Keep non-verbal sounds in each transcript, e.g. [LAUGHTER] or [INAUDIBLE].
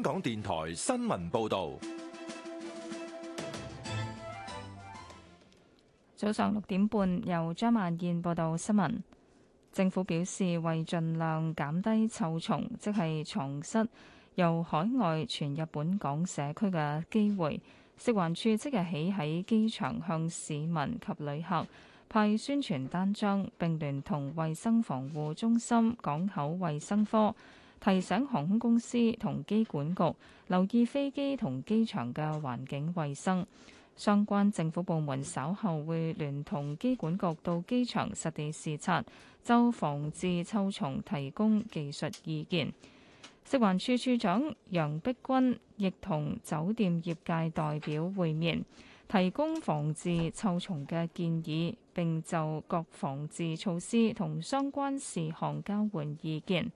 香港電台新聞報導，早上六點半由張曼燕報道新聞。政府表示，為盡量減低臭蟲，即係蟲蝨由海外傳入本港社區嘅機會，食環署即日起喺機場向市民及旅客派宣傳單張，並聯同衛生防護中心港口衞生科。提醒航空公司同機管局留意飛機同機場嘅環境衛生。相關政府部門稍後會聯同機管局到機場實地視察，就防治臭蟲提供技術意見。食環署署長楊碧君亦同酒店業界代表會面，提供防治臭蟲嘅建議，並就各防治措施同相關事項交換意見。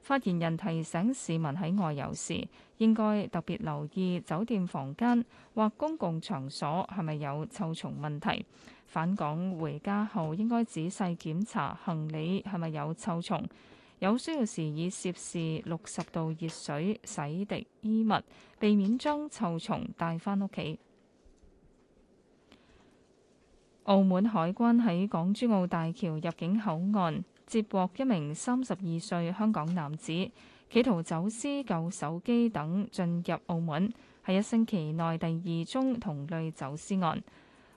發言人提醒市民喺外遊時，應該特別留意酒店房間或公共場所係咪有臭蟲問題。返港回家後，應該仔細檢查行李係咪有臭蟲。有需要時，以攝氏六十度熱水洗滌衣物，避免將臭蟲帶返屋企。澳門海關喺港珠澳大橋入境口岸，接獲一名三十二歲香港男子，企圖走私舊手機等進入澳門，係一星期內第二宗同類走私案。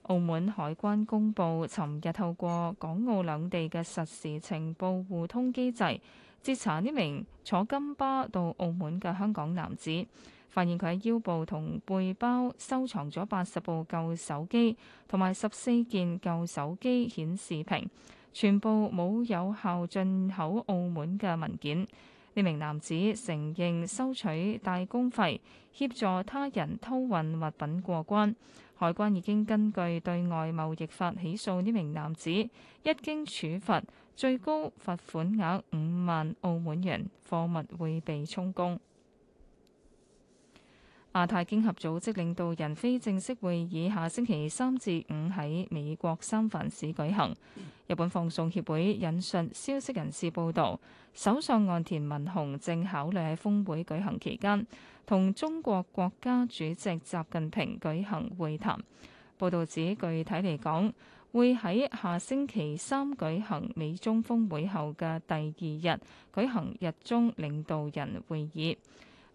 澳門海關公佈，尋日透過港澳兩地嘅實時情報互通機制，截查呢名坐金巴到澳門嘅香港男子，發現佢喺腰部同背包收藏咗八十部舊手機同埋十四件舊手機顯示屏。全部冇有效進口澳門嘅文件，呢名男子承認收取帶工費協助他人偷運物品過關，海關已經根據對外貿易法起訴呢名男子，一經處罰最高罰款額五萬澳門元，貨物會被充公。亞太經合組織領導人非正式會議下星期三至五喺美國三藩市舉行。日本放送協會引述消息人士報道，首相岸田文雄正考慮喺峰會舉行期間，同中國國家主席習近平舉行會談。報道指，具體嚟講，會喺下星期三舉行美中峰會後嘅第二日舉行日中領導人會議。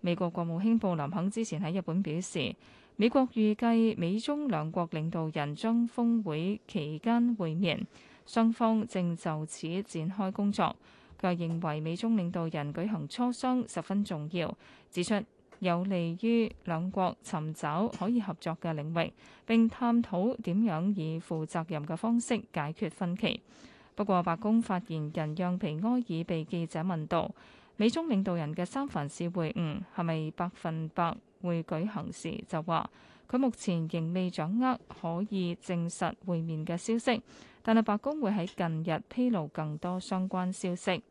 美國國務卿布林肯之前喺日本表示，美國預計美中兩國領導人將峰會期間會面，雙方正就此展開工作。佢認為美中領導人舉行磋商十分重要，指出有利於兩國尋找可以合作嘅領域，並探討點樣以負責任嘅方式解決分歧。不過，白宮發言人讓皮埃爾被記者問到，美中領導人嘅三藩市會晤係咪百分百會舉行時，就話佢目前仍未掌握可以證實會面嘅消息，但係白宮會喺近日披露更多相關消息。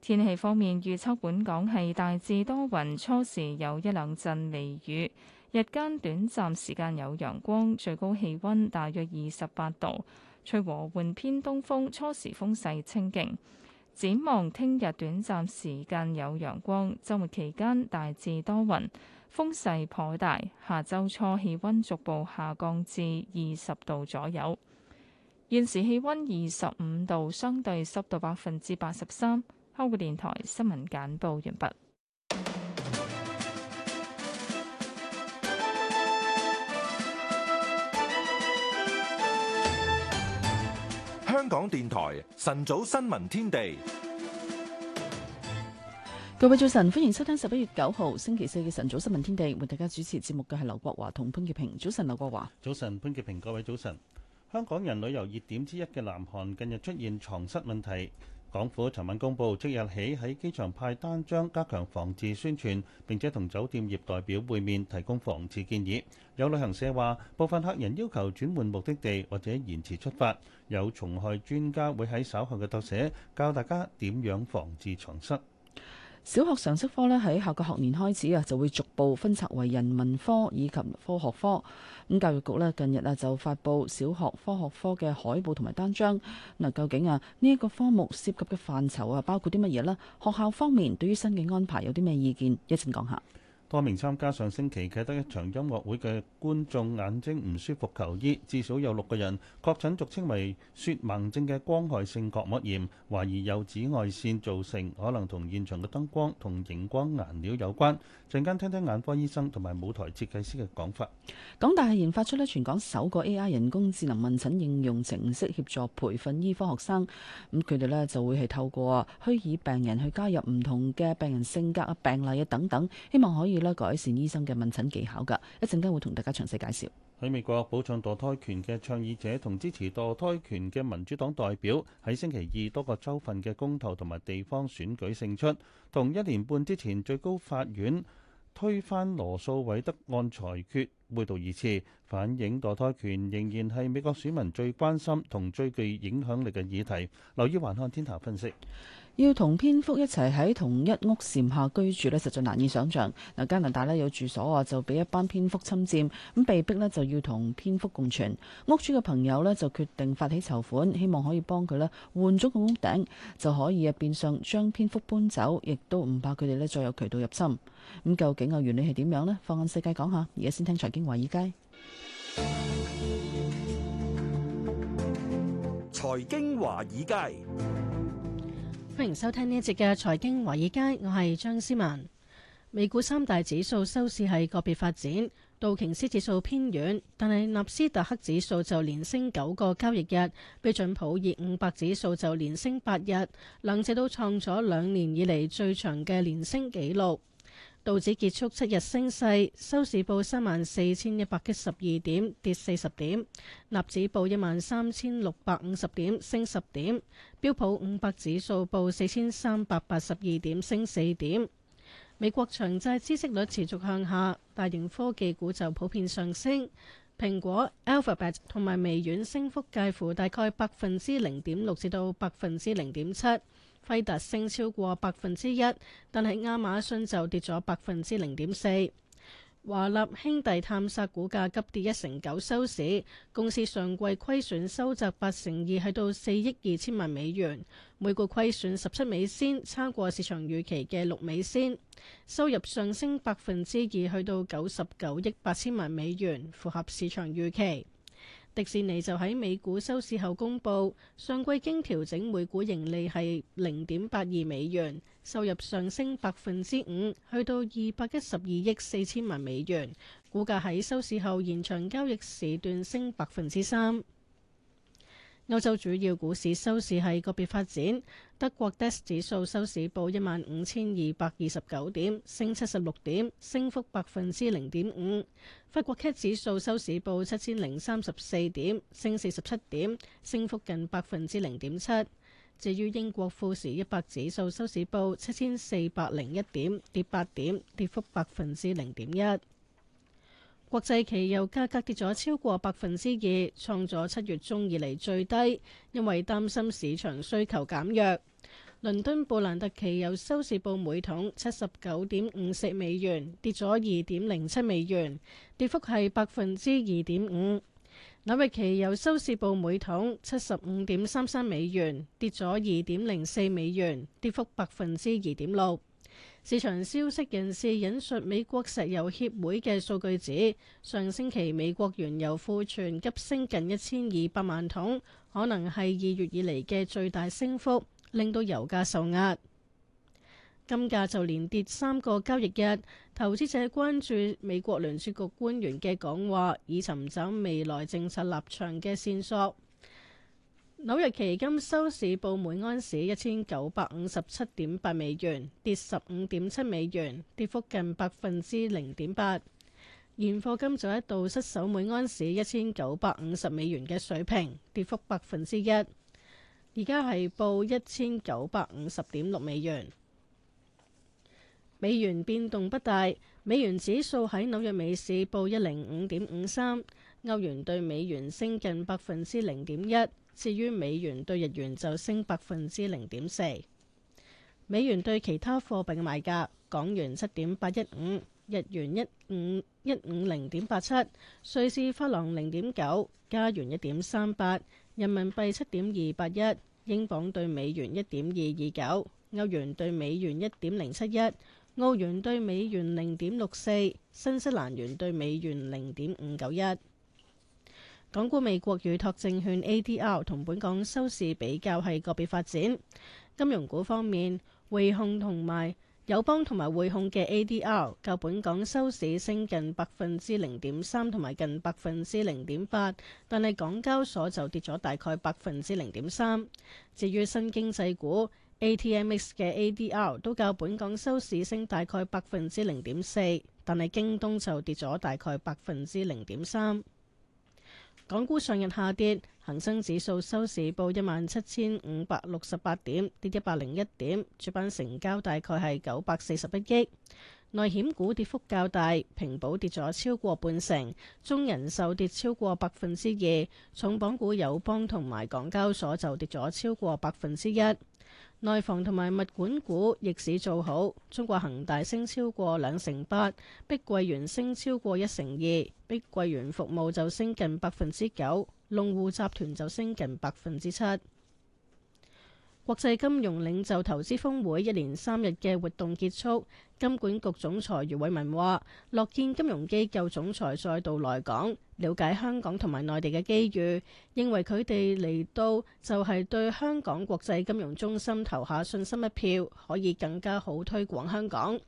天氣方面預測，本港係大致多雲，初時有一兩陣微雨，日間短暫時間有陽光，最高氣温大約二十八度，吹和緩偏東風，初時風勢清勁。展望聽日短暫時間有陽光，週末期間大致多雲，風勢頗大。下周初氣温逐步下降至二十度左右。現時氣温二十五度，相對濕度百分之八十三。香港電台新聞簡報完畢。香港電台晨早新聞天地，各位早晨，歡迎收聽十一月九號星期四嘅晨早新聞天地。為大家主持節目嘅係劉國華同潘潔平。早晨，劉國華。早晨，潘潔平。各位早晨。香港人旅遊熱點之一嘅南韓近日出現床蝨問題。港府尋晚公布，即日起喺機場派單張加強防治宣傳，並且同酒店業代表會面，提供防治建議。有旅行社話，部分客人要求轉換目的地或者延遲出發，有蟲害專家會喺稍後嘅特寫教大家點樣防治床蝨。小學常識科咧喺下個學年開始啊，就會逐步分拆為人文科以及科學科。咁教育局咧近日啊就發布小學科學科嘅海報同埋單張。嗱，究竟啊呢一個科目涉及嘅範疇啊包括啲乜嘢咧？學校方面對於新嘅安排有啲咩意見？一陣講一下。多名參加上星期啟德一場音樂會嘅觀眾眼睛唔舒服求醫，至少有六個人確診，俗稱為雪盲症嘅光害性角膜炎，懷疑有紫外線造成，可能同現場嘅燈光同熒光顏料有關。陣間聽聽眼科醫生同埋舞台設計師嘅講法。港大係研發出呢全港首個 AI 人工智能問診應用程式，協助培訓醫科學生。咁佢哋呢就會係透過虛擬病人去加入唔同嘅病人性格啊、病例啊等等，希望可以咧改善醫生嘅問診技巧噶，一陣間會同大家詳細介紹。喺美國保障墮胎權嘅倡議者同支持墮胎權嘅民主黨代表喺星期二多個州份嘅公投同埋地方選舉勝出，同一年半之前最高法院推翻羅訴韋德案裁決會道。二次，反映墮胎權仍然係美國選民最關心同最具影響力嘅議題。留意環看天下分析。.要同蝙蝠一齊喺同一屋檐下居住呢，實在難以想象。嗱，加拿大咧有住所啊，就俾一班蝙蝠侵占，咁被迫咧就要同蝙蝠共存。屋主嘅朋友咧就決定發起籌款，希望可以幫佢咧換咗個屋頂，就可以啊變相將蝙蝠搬走，亦都唔怕佢哋咧再有渠道入侵。咁究竟嘅原理係點樣呢？放眼世界講下，而家先聽財經華爾街。財經華爾街。歡迎收聽呢一節嘅財經華爾街，我係張思文。美股三大指數收市係個別發展，道瓊斯指數偏軟，但係納斯達克指數就連升九個交易日，標準普爾五百指數就連升八日，兩者都創咗兩年以嚟最長嘅連升紀錄。道指結束七日升勢，收市報三萬四千一百一十二點，跌四十點；納指報一萬三千六百五十點，升十點；標普五百指數報四千三百八十二點，升四點。美國長債孳息率持續向下，大型科技股就普遍上升，蘋果、Alphabet 同埋微軟升幅介乎大概百分之零點六至到百分之零點七。輝達升超過百分之一，但係亞馬遜就跌咗百分之零點四。華納兄弟探索股價急跌一成九收市，公司上季虧損收窄八成二，去到四億二千萬美元，每股虧損十七美仙，差過市場預期嘅六美仙。收入上升百分之二，去到九十九億八千萬美元，符合市場預期。迪士尼就喺美股收市後公布，上季經調整每股盈利係零點八二美元，收入上升百分之五，去到二百一十二億四千萬美元，股價喺收市後延長交易時段升百分之三。歐洲主要股市收市係個別發展，德國 DAX 指數收市報一萬五千二百二十九點，升七十六點，升幅百分之零點五。法國 CAC 指數收市報七千零三十四點，升四十七點，升幅近百分之零點七。至於英國富時一百指數收市報七千四百零一點，跌八點，跌幅百分之零點一。國際期油價格跌咗超過百分之二，創咗七月中以嚟最低，因為擔心市場需求減弱。倫敦布蘭特期油收市報每桶七十九點五四美元，跌咗二點零七美元，跌幅係百分之二點五。紐約期油收市報每桶七十五點三三美元，跌咗二點零四美元，跌幅百分之二點六。市場消息人士引述美國石油協會嘅數據指，上星期美國原油庫存急升近一千二百萬桶，可能係二月以嚟嘅最大升幅，令到油價受壓。金價就連跌三個交易日，投資者關注美國聯儲局官員嘅講話，以尋找未來政策立場嘅線索。紐約期金收市報每盎士一千九百五十七點八美元，跌十五點七美元，跌幅近百分之零點八。現貨金就一度失守每盎士一千九百五十美元嘅水平，跌幅百分之一，而家係報一千九百五十點六美元。美元變動不大，美元指數喺紐約美市報一零五點五三，歐元對美元升近百分之零點一。至於美元兌日元就升百分之零點四，美元對其他貨幣嘅賣價：港元七點八一五，日元一五一五零點八七，瑞士法郎零點九，加元一點三八，人民幣七點二八一，英鎊對美元一點二二九，歐元對美元一點零七一，澳元對美元零點六四，新西蘭元對美元零點五九一。港股美國預託證券 ADR 同本港收市比較係個別發展。金融股方面，匯控同埋友邦同埋匯控嘅 ADR 較本港收市升近百分之零點三同埋近百分之零點八，但係港交所就跌咗大概百分之零點三。至於新經濟股 ATMX 嘅 ADR 都較本港收市升大概百分之零點四，但係京東就跌咗大概百分之零點三。港股上日下跌，恒生指數收市報一萬七千五百六十八點，跌一百零一點，主板成交大概係九百四十一億。內險股跌幅較大，平保跌咗超過半成，中人壽跌超過百分之二，重磅股友邦同埋港交所就跌咗超過百分之一。內房同埋物管股逆市做好，中國恒大升超過兩成八，碧桂園升超過一成二，碧桂園服務就升近百分之九，龍湖集團就升近百分之七。國際金融領袖投資峰會一連三日嘅活動結束，金管局總裁余偉文話，樂見金融機構總裁再度來港，了解香港同埋內地嘅機遇，認為佢哋嚟到就係對香港國際金融中心投下信心一票，可以更加好推廣香港。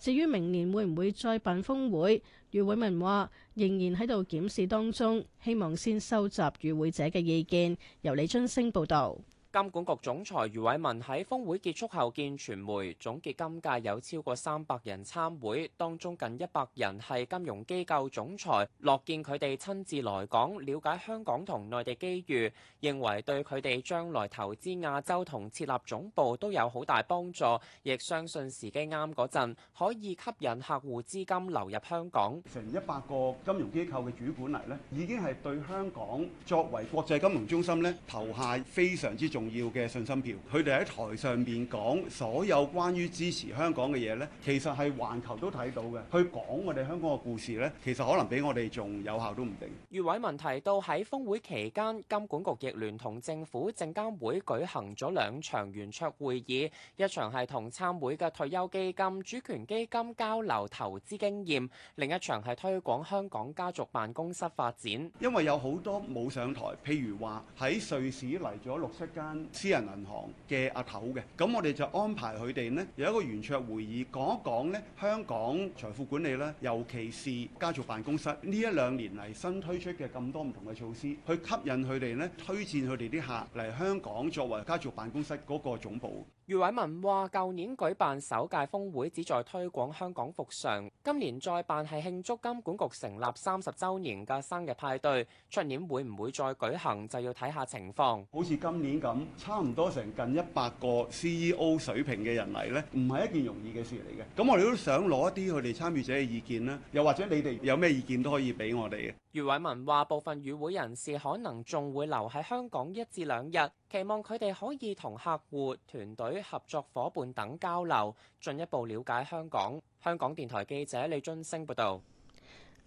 至於明年會唔會再辦峰會，余偉文話仍然喺度檢視當中，希望先收集與會者嘅意見。由李津升報導。金管局總裁余偉文喺峰會結束後見傳媒，總結今屆有超過三百人參會，當中近一百人係金融機構總裁，樂見佢哋親自來港了解香港同內地機遇，認為對佢哋將來投資亞洲同設立總部都有好大幫助，亦相信時機啱嗰陣可以吸引客戶資金流入香港。成一百個金融機構嘅主管嚟咧，已經係對香港作為國際金融中心咧投下非常之重重要嘅信心票，佢哋喺台上面講所有關於支持香港嘅嘢咧，其實係環球都睇到嘅。去講我哋香港嘅故事咧，其實可能比我哋仲有效都唔定。余偉文提到喺峰會期間金管局亦聯同政府證監會舉行咗兩場圓桌會議，一場係同參會嘅退休基金、主權基金交流投資經驗，另一場係推廣香港家族辦公室發展。因為有好多冇上台，譬如話，喺瑞士嚟咗六七間。私人銀行嘅阿頭嘅，咁我哋就安排佢哋呢有一個圓桌會議，講一講呢香港財富管理啦，尤其是家族辦公室呢一兩年嚟新推出嘅咁多唔同嘅措施，去吸引佢哋呢，推薦佢哋啲客嚟香港作為家族辦公室嗰個總部。余偉文話：，舊年舉辦首屆峰會，旨在推廣香港復常，今年再辦係慶祝金管局成立三十周年嘅生日派對。出年會唔會再舉行，就要睇下情況。好似今年咁，差唔多成近一百個 C E O 水平嘅人嚟呢，唔係一件容易嘅事嚟嘅。咁我哋都想攞一啲佢哋參與者嘅意見啦，又或者你哋有咩意見都可以俾我哋嘅。余偉文話：部分與會人士可能仲會留喺香港一至兩日，期望佢哋可以同客戶、團隊、合作伙伴等交流，進一步了解香港。香港電台記者李津升報道。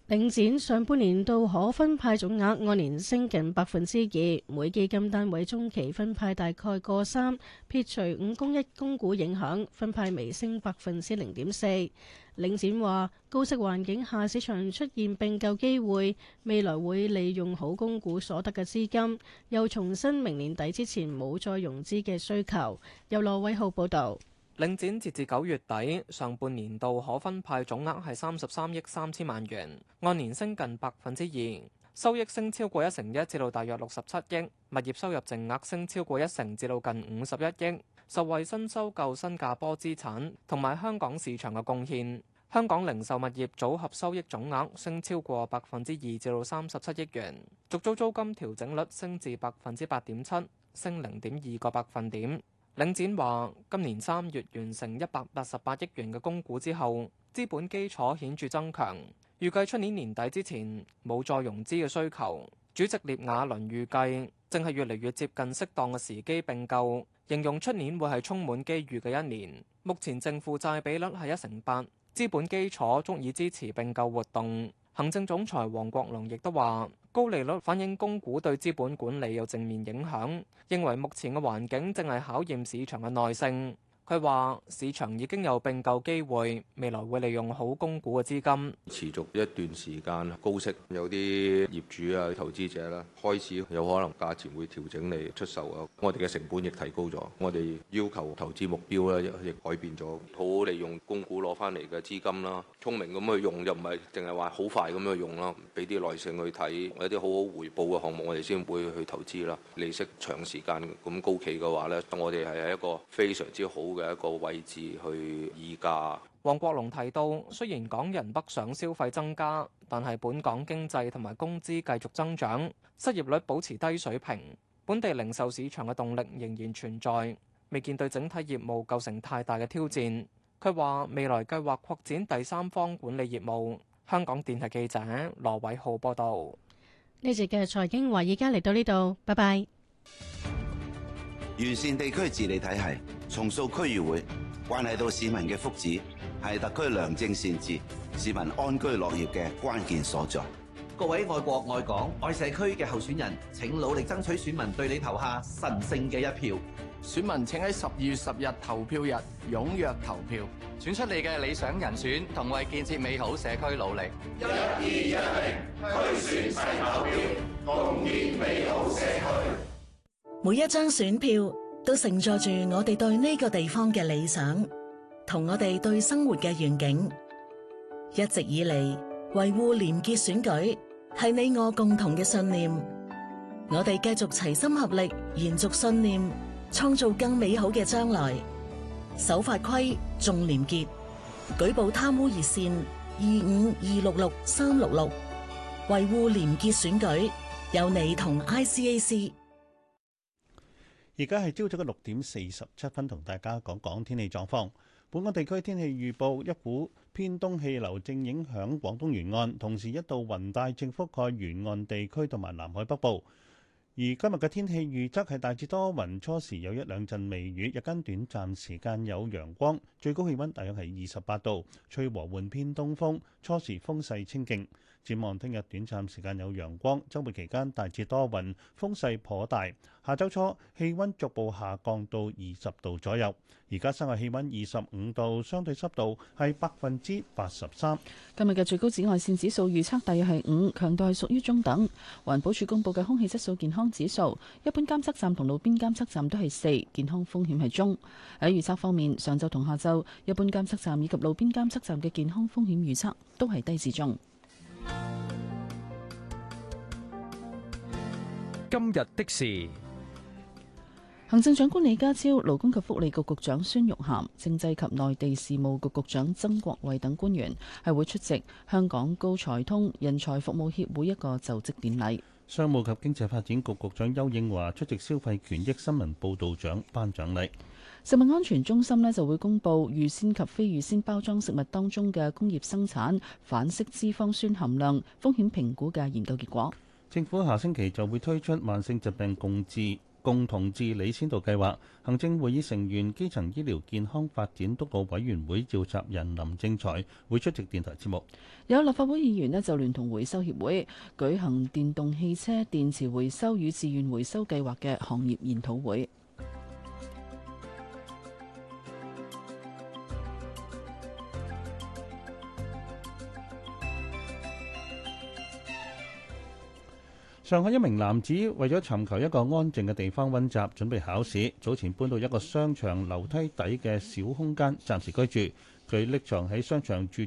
領展上半年度可分派總額按年升近百分之二，每基金單位中期分派大概過三，撇除五供一供股影響，分派微升百分之零點四。領展話，高息環境下市場出現併購機會，未來會利用好供股所得嘅資金，又重申明年底之前冇再融資嘅需求。由羅偉浩報道。領展截至九月底上半年度可分派總額係三十三億三千萬元，按年升近百分之二，收益升超過一成一，至到大約六十七億，物業收入淨額升超過一成，至到近五十一億。受惠新收購新加坡資產同埋香港市場嘅貢獻，香港零售物業組合收益總額升超過百分之二至到三十七億元，續租租金調整率升至百分之八點七，升零點二個百分點。領展話今年三月完成一百八十八億元嘅供股之後，資本基礎顯著增強，預計出年年底之前冇再融資嘅需求。主席聶雅倫預計正係越嚟越接近適當嘅時機並購，形容出年會係充滿機遇嘅一年。目前正府債比率係一成八，資本基礎足以支持並購活動。行政總裁黃國龍亦都話：高利率反映供股對資本管理有正面影響，認為目前嘅環境正係考驗市場嘅耐性。佢話市場已經有併購機會，未來會利用好供股嘅資金，持續一段時間高息。有啲業主啊、投資者啦，開始有可能價錢會調整嚟，出售啊。我哋嘅成本亦提高咗，我哋要求投資目標咧亦改變咗，好好利用供股攞翻嚟嘅資金啦，聰明咁去用，又唔係淨係話好快咁去用啦，俾啲耐性去睇有啲好好回報嘅項目，我哋先會去投資啦。利息長時間咁高企嘅話咧，我哋係一個非常之好。嘅一個位置去議價。黃國龍提到，雖然港人北上消費增加，但係本港經濟同埋工資繼續增長，失業率保持低水平，本地零售市場嘅動力仍然存在，未見對整體業務構成太大嘅挑戰，佢話未來計劃擴展第三方管理業務，香港電台記者羅偉浩報道。呢節嘅財經話而家嚟到呢度，拜拜。完善地區治理體系。重塑區議會，關係到市民嘅福祉，係特區良政善治、市民安居樂業嘅關鍵所在。各位愛國愛港愛社區嘅候選人，請努力爭取選民對你投下神聖嘅一票。選民請喺十二月十日投票日踴躍投票，選出你嘅理想人選，同為建設美好社區努力。一是、二、一零區選投票，共建美好社區。每一張選票，都承載住我哋對呢個地方嘅理想，同我哋對生活嘅願景。一直以嚟，維護廉潔選舉係你我共同嘅信念。我哋繼續齊心合力，延續信念，創造更美好嘅將來。守法規，重廉潔，舉報貪污熱線二五二六六三六六，維護廉潔選舉，有你同 ICAC。而家係朝早嘅六點四十七分，同大家講講天氣狀況。本港地區天氣預報，一股偏東氣流正影響廣東沿岸，同時一道雲帶正覆蓋沿岸地區同埋南海北部。而今日嘅天氣預測係大致多雲，初時有一兩陣微雨，日間短暫時間有陽光，最高氣溫大約係二十八度，吹和緩偏東風，初時風勢清勁。展望聽日短暫時間有陽光，周末期間大致多雲，風勢頗大。下周初氣溫逐步下降到二十度左右。而家室外氣溫二十五度，相對濕度係百分之八十三。今日嘅最高紫外線指數預測大約係五，強度係屬於中等。環保署公布嘅空氣質素健康指數，一般監測站同路邊監測站都係四，健康風險係中。喺預測方面，上晝同下晝一般監測站以及路邊監測站嘅健康風險預測都係低至中。今日的事，行政長官李家超、勞工及福利局局局長孫玉菡、政制及內地事務局局長曾國衛等官員係會出席香港高才通人才服務協會一個就職典禮。商務及經濟發展局局局長邱應華出席消費權益新聞報道獎頒獎禮。食物安全中心呢就會公布預先及非預先包裝食物當中嘅工業生產反式脂肪酸含量風險評估嘅研究結果。政府下星期就會推出慢性疾病共治共同治理先導計劃，行政會議成員基層醫療健康發展督導委員會召集人林正財會出席電台節目。有立法會議員呢就聯同回收協會舉行電動汽車電池回收與自願回收計劃嘅行業研討會。上海一名男子為咗尋求一個安靜嘅地方溫習，準備考試，早前搬到一個商場樓梯底嘅小空間暫時居住。佢匿藏喺商場住。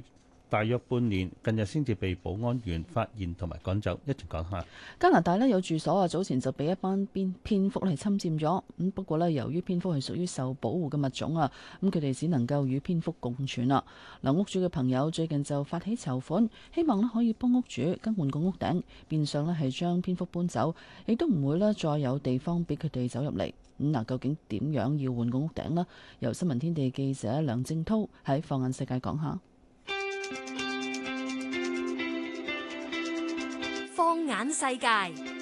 大約半年，近日先至被保安員發現同埋趕走。一齊講下加拿大呢，有住所啊，早前就俾一班蝙蝙蝠嚟侵佔咗咁。不過呢，由於蝙蝠係屬於受保護嘅物種啊，咁佢哋只能夠與蝙蝠共存啦。嗱，屋主嘅朋友最近就發起籌款，希望呢可以幫屋主更換個屋頂，變相呢係將蝙蝠搬走，亦都唔會呢再有地方俾佢哋走入嚟咁。嗱，究竟點樣要換個屋頂呢？由新聞天地記者梁正濤喺放眼世界講下。眼世界。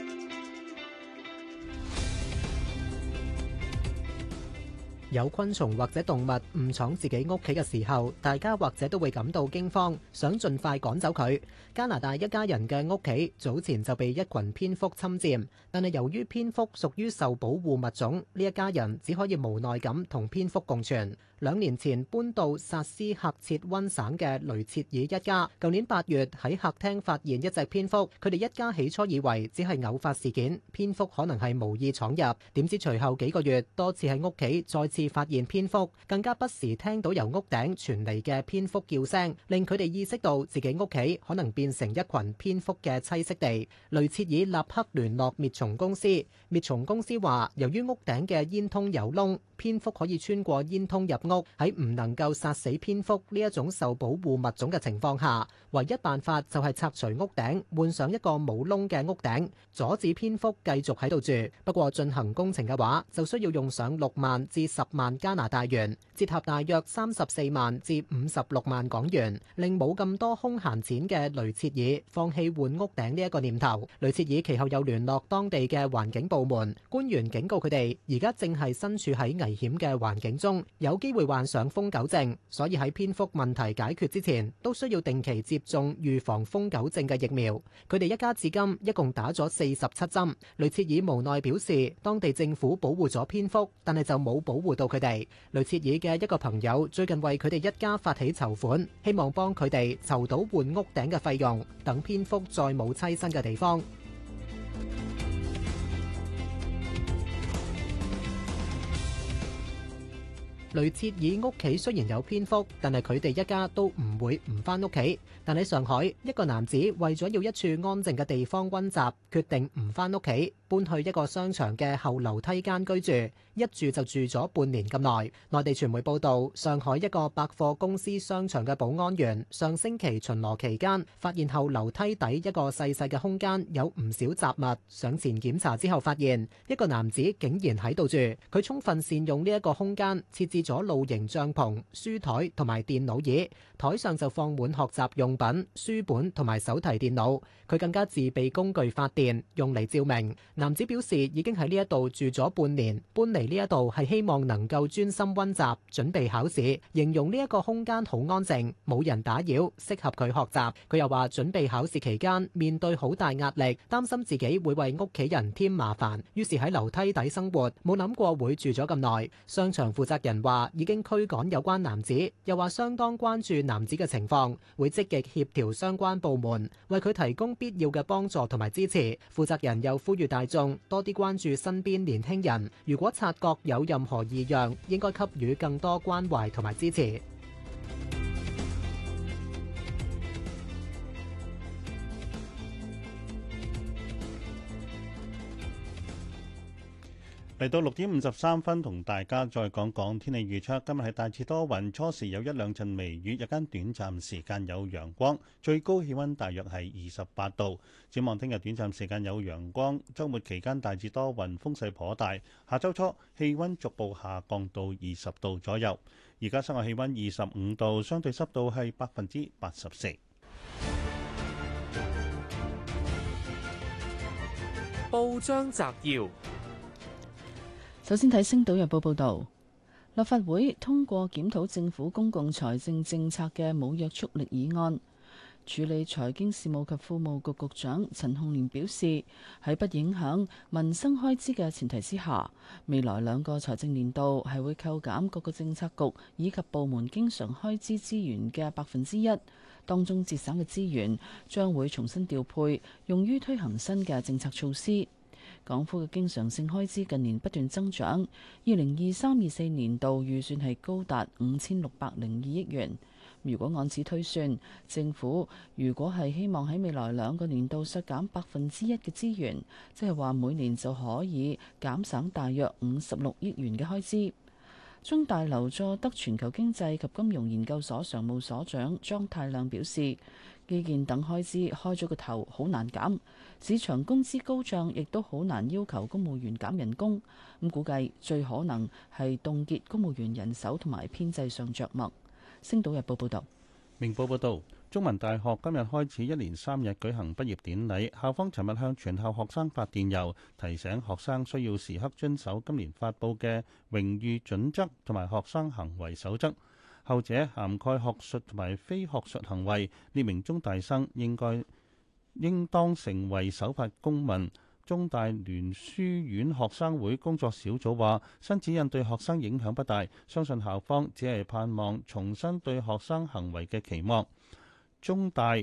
有昆蟲或者動物誤闖自己屋企嘅時候，大家或者都會感到驚慌，想盡快趕走佢。加拿大一家人嘅屋企早前就被一群蝙蝠侵佔，但係由於蝙蝠屬於受保護物種，呢一家人只可以無奈咁同蝙蝠共存。兩年前搬到薩斯克切溫省嘅雷切爾一家，舊年八月喺客廳發現一隻蝙蝠，佢哋一家起初以為只係偶發事件，蝙蝠可能係無意闖入，點知隨後幾個月多次喺屋企再次發現蝙蝠，更加不時聽到由屋頂傳嚟嘅蝙蝠叫聲，令佢哋意識到自己屋企可能變成一群蝙蝠嘅棲息地。雷切爾立刻聯絡滅蟲公司，滅蟲公司話，由於屋頂嘅煙通有窿，蝙蝠可以穿過煙通入屋。喺唔能夠殺死蝙蝠呢一種受保護物種嘅情況下，唯一辦法就係拆除屋頂，換上一個冇窿嘅屋頂，阻止蝙蝠繼續喺度住。不過進行工程嘅話，就需要用上六萬至十。萬加拿大元，折合大約三十四萬至五十六萬港元，令冇咁多空閒錢嘅雷切爾放棄換屋頂呢一個念頭。雷切爾其後又聯絡當地嘅環境部門官員，警告佢哋而家正係身處喺危險嘅環境中，有機會患上瘋狗症，所以喺蝙蝠問題解決之前，都需要定期接種預防瘋狗症嘅疫苗。佢哋一家至今一共打咗四十七針。雷切爾無奈表示，當地政府保護咗蝙蝠，但係就冇保護到。佢哋雷切爾嘅一個朋友最近為佢哋一家發起籌款，希望幫佢哋籌到換屋頂嘅費用，等蝙蝠再冇棲身嘅地方。雷切爾屋企雖然有蝙蝠，但係佢哋一家都唔會唔返屋企。但喺上海，一個男子為咗要一處安靜嘅地方溫習，決定唔返屋企，搬去一個商場嘅後樓梯間居住。一住就住咗半年咁耐。內地傳媒報道，上海一個百貨公司商場嘅保安員上星期巡邏期間發現後樓梯底一個細細嘅空間有唔少雜物，上前檢查之後發現一個男子竟然喺度住。佢充分善用呢一個空間設置咗露營帳篷、書台同埋電腦椅，台上就放滿學習用品、書本同埋手提電腦，佢更加自備工具發電用嚟照明。男子表示已經喺呢一度住咗半年，搬嚟。呢一度係希望能夠專心温習，準備考試。形容呢一個空間好安靜，冇人打擾，適合佢學習。佢又話準備考試期間面對好大壓力，擔心自己會為屋企人添麻煩，於是喺樓梯底生活，冇諗過會住咗咁耐。商場負責人話已經驅趕有關男子，又話相當關注男子嘅情況，會積極協調相關部門為佢提供必要嘅幫助同埋支持。負責人又呼籲大眾多啲關注身邊年輕人，如果察各有任何異樣，應該給予更多關懷同埋支持。嚟到六點五十三分，同大家再講講天氣預測。今日係大致多雲，初時有一兩陣微雨，日間短暫時間有陽光，最高氣溫大約係二十八度。展望聽日短暫時間有陽光，週末期間大致多雲，風勢頗大。下週初氣溫逐步下降到二十度左右。而家室外氣溫二十五度，相對濕度係百分之八十四。報章摘要。首先睇《星島日報》報道，立法會通過檢討政府公共財政政策嘅《冇約束力議案》。處理財經事務及庫務局副局長陳浩濂表示，喺不影響民生開支嘅前提之下，未來兩個財政年度係會扣減各個政策局以及部門經常開支資源嘅百分之一，當中節省嘅資源將會重新調配，用於推行新嘅政策措施。港府嘅經常性開支近年不斷增長，二零二三二四年度預算係高達五千六百零二億元。如果按此推算，政府如果係希望喺未來兩個年度削減百分之一嘅資源，即係話每年就可以減省大約五十六億元嘅開支。中大劉佐德全球經濟及金融研究所常務所長莊太量表示。基建等開支開咗個頭，好難減。市場工資高漲，亦都好難要求公務員減人工。咁估計最可能係凍結公務員人手同埋編制上着墨。星島日報報道。明報報道，中文大學今日開始一連三日舉行畢業典禮。校方尋日向全校學生發電郵，提醒學生需要時刻遵守今年發佈嘅榮譽準則同埋學生行為守則。後者涵蓋學術同埋非學術行為，列明中大生應該應當成為守法公民。中大聯書院學生會工作小組話：新指引對學生影響不大，相信校方只係盼望重新對學生行為嘅期望。中大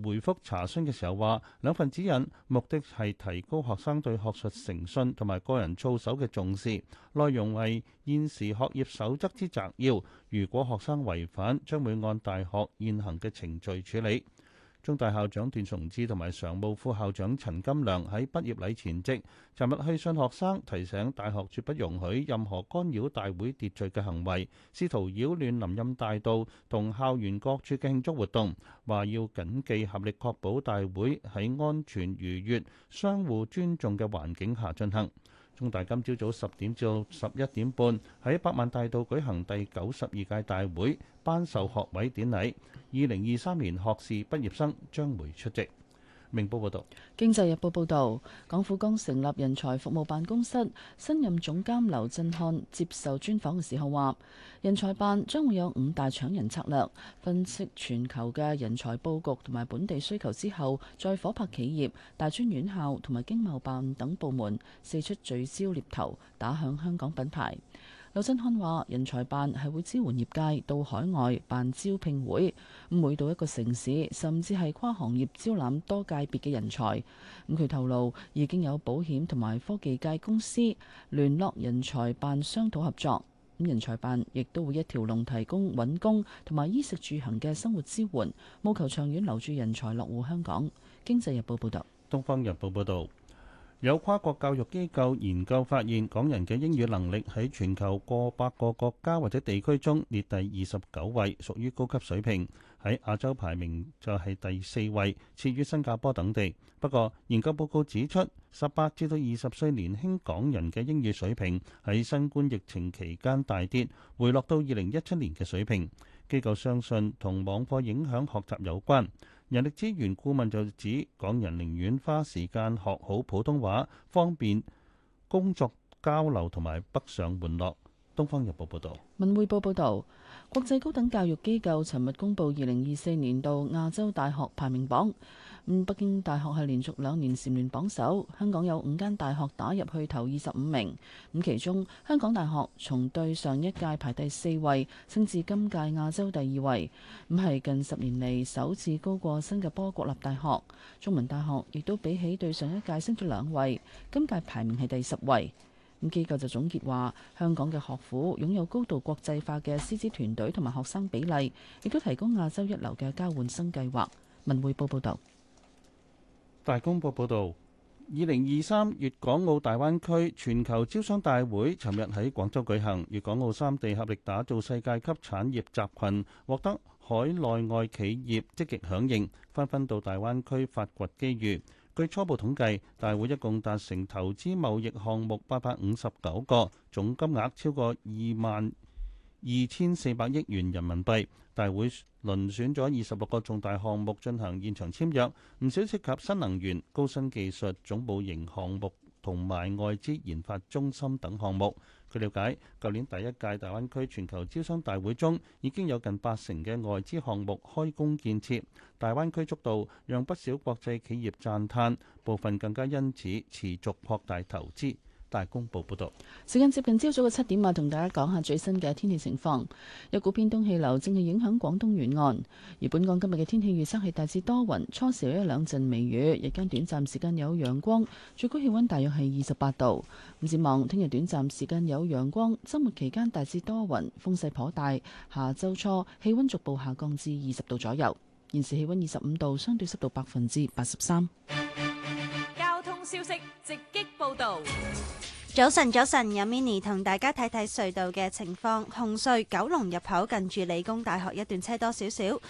回覆查詢嘅時候話，兩份指引目的係提高學生對學術誠信同埋個人操守嘅重視，內容為現時學業守則之摘要。如果學生違反，將會按大學現行嘅程序處理。中大校長段崇智同埋常務副校長陳金良喺畢業禮前夕，尋日去信學生，提醒大學絕不容許任何干擾大會秩序嘅行為，試圖擾亂林蔭大道同校園各處嘅慶祝活動，話要謹記合力確保大會喺安全愉、愉悅相互尊重嘅環境下進行。中大今朝早十點至到十一點半喺百萬大道舉行第九十二屆大會頒授學位典禮，二零二三年學士畢業生將會出席。明報報導，《經濟日報》報導，港府剛成立人才服務辦公室，新任總監劉鎮漢接受專訪嘅時候話，人才辦將會有五大搶人策略，分析全球嘅人才佈局同埋本地需求之後，再夥拍企業、大專院校同埋經貿辦等部門，四出聚焦獵頭，打響香港品牌。劉振漢話，人才辦係會支援業界到海外辦招聘會，每到一個城市，甚至係跨行業招攬多界別嘅人才。佢透露已經有保險同埋科技界公司聯絡人才辦商討合作。人才辦亦都會一條龍提供搵工同埋衣食住行嘅生活支援，務求長遠留住人才落戶香港。經濟日報報道，東方日報報道。有跨國教育機構研究發現，港人嘅英語能力喺全球過百個國家或者地區中列第二十九位，屬於高級水平。喺亞洲排名就係第四位，次於新加坡等地。不過，研究報告指出，十八至到二十歲年輕港人嘅英語水平喺新冠疫情期間大跌，回落到二零一七年嘅水平。機構相信同網課影響學習有關。人力資源顧問就指，港人寧願花時間學好普通話，方便工作交流同埋北上玩樂。《東方日報》報導，《文匯報》報導，國際高等教育機構尋日公佈二零二四年度亞洲大學排名榜。咁，北京大學係連續兩年蟬聯榜首。香港有五間大學打入去頭二十五名。咁其中，香港大學從對上一屆排第四位，升至今屆亞洲第二位。咁係近十年嚟首次高過新加坡國立大學。中文大學亦都比起對上一屆升咗兩位，今屆排名係第十位。咁機構就總結話，香港嘅學府擁有高度國際化嘅師資團隊同埋學生比例，亦都提供亞洲一流嘅交換生計劃。文匯報報道。大公報報道，二零二三粵港澳大灣區全球招商大會尋日喺廣州舉行，粵港澳三地合力打造世界級產業集群，獲得海內外企業積極響應，紛紛到大灣區發掘機遇。據初步統計，大會一共達成投資貿易項目八百五十九個，總金額超過二萬，二千四百億元人民幣，大會遴選咗二十六個重大項目進行現場簽約，唔少涉及新能源、高新技術、總部型項目同埋外資研發中心等項目。據了解，舊年第一屆大灣區全球招商大會中，已經有近八成嘅外資項目開工建設，大灣區速度讓不少國際企業讚歎，部分更加因此持續擴大投資。大公報報道，時間接近朝早嘅七點啊，同大家講下最新嘅天氣情況。一股偏東氣流正係影響廣東沿岸，而本港今日嘅天氣預測係大致多雲，初時有一兩陣微雨，日間短暫時間有陽光，最高氣溫大約係二十八度。咁展望聽日短暫時間有陽光，週末期間大致多雲，風勢頗大，下週初氣溫逐步下降至二十度左右。現時氣溫二十五度，相對濕度百分之八十三。消息直擊報導。早晨，早晨，有 Mini 同大家睇睇隧道嘅情況。紅隧九龍入口近住理工大學一段車多少少。獅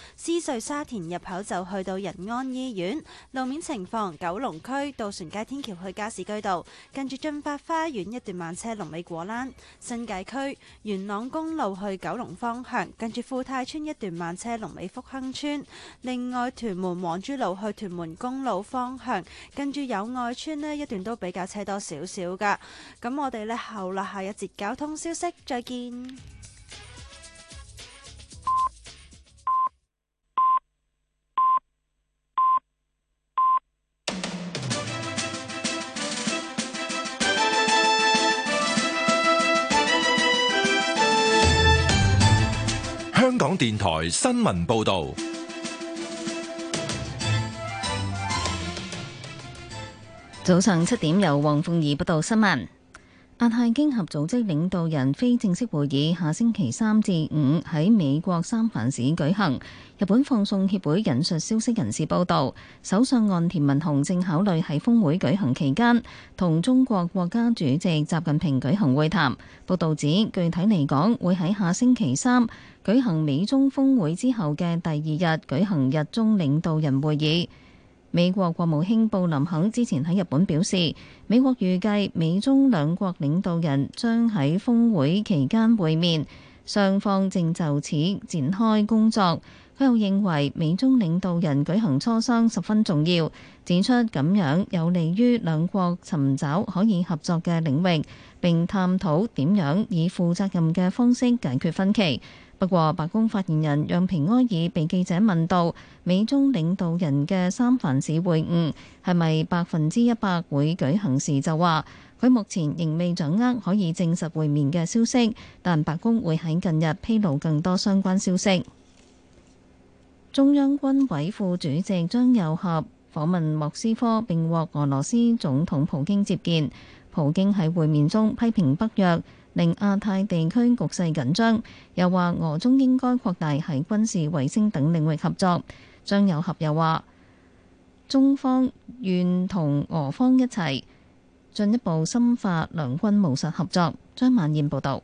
隧沙田入口就去到仁安醫院。路面情況。九龍區渡船街天橋去加士居道近住駿發花園一段慢車龍尾果欄。新界區元朗公路去九龍方向近住富泰村一段慢車龍尾福亨村。另外屯門皇珠路去屯門公路方向近住友愛村呢一段都比較車多少少㗎。咁我哋咧，後啦下一節交通消息，再見。香港電台新聞報道，早上七點由黃鳳儀報道新聞。亞太經合組織領導人非正式會議下星期三至五喺美國三藩市舉行。日本放送協會引述消息人士報道，首相岸田文雄正考慮喺峰會舉行期間同中國國家主席習近平舉行會談。報道指，具體嚟講，會喺下星期三舉行美中峰會之後嘅第二日舉行日中領導人會議。美國國務卿布林肯之前喺日本表示，美國預計美中兩國領導人將喺峰會期間會面，雙方正就此展開工作。佢又認為美中領導人舉行磋商十分重要，指出咁樣有利於兩國尋找可以合作嘅領域，並探討點樣以負責任嘅方式解決分歧。不過，白宮發言人讓平埃爾被記者問到美中領導人嘅三藩市會晤係咪百分之一百會舉行時，就話佢目前仍未掌握可以證實會面嘅消息，但白宮會喺近日披露更多相關消息。中央軍委副主席張又俠訪問莫斯科並獲俄羅斯總統普京接見，普京喺會面中批評北約。令亞太地區局勢緊張，又話俄中應該擴大喺軍事、衛星等領域合作。張又俠又話：中方願同俄方一齊進一步深化兩軍務實合作。張萬燕報導。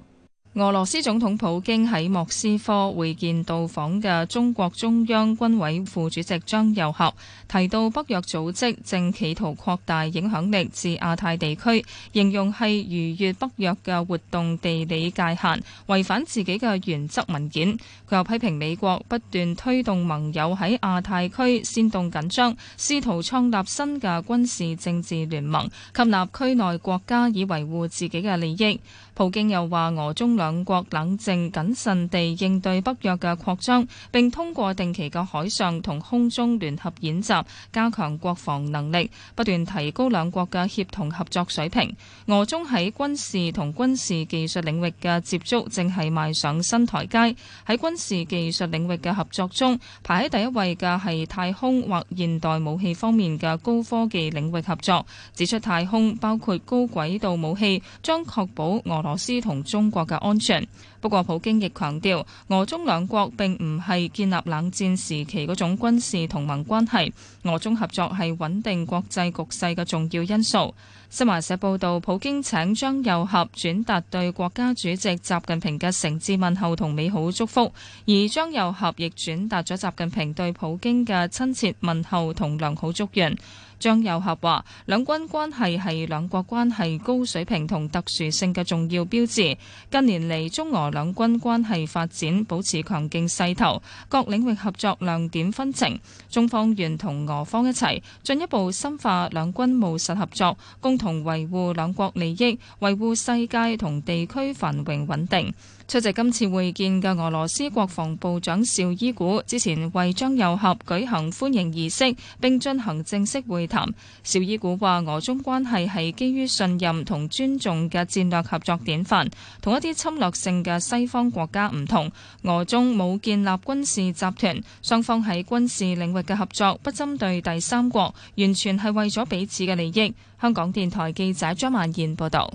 俄羅斯總統普京喺莫斯科會見到訪嘅中國中央軍委副主席張又俠，提到北約組織正企圖擴大影響力至亞太地區，形容係逾越北約嘅活動地理界限，違反自己嘅原則文件。佢又批評美國不斷推動盟友喺亞太區煽動緊張，試圖創立新嘅軍事政治聯盟，吸納區內國家以維護自己嘅利益。普京又話：俄中兩國冷靜謹慎地應對北約嘅擴張，並通過定期嘅海上同空中聯合演習，加強國防能力，不斷提高兩國嘅協同合作水平。俄中喺軍事同軍事技術領域嘅接觸正係邁上新台階。喺軍事技術領域嘅合作中，排喺第一位嘅係太空或現代武器方面嘅高科技領域合作。指出太空包括高軌道武器，將確保俄羅俄羅斯同中國嘅安全。不過普京亦強調，俄中兩國並唔係建立冷戰時期嗰種軍事同盟關係，俄中合作係穩定國際局勢嘅重要因素。新華社報道，普京請張又俠轉達對國家主席習近平嘅誠摯問候同美好祝福，而張又俠亦轉達咗習近平對普京嘅親切問候同良好祝願。張又俠話：兩軍關係係兩國關係高水平同特殊性嘅重要標誌。近年嚟，中俄兩軍關係發展保持強勁勢頭，各領域合作亮點紛呈。中方願同俄方一齊，進一步深化兩軍務實合作，共同維護兩國利益，維護世界同地區繁榮穩定。出席今次會見嘅俄羅斯國防部長邵伊古，之前為張又俠舉行歡迎儀式並進行正式會談。邵伊古話：俄中關係係基於信任同尊重嘅戰略合作典範，同一啲侵略性嘅西方國家唔同。俄中冇建立軍事集團，雙方喺軍事領域嘅合作不針對第三國，完全係為咗彼此嘅利益。香港電台記者張曼燕報道。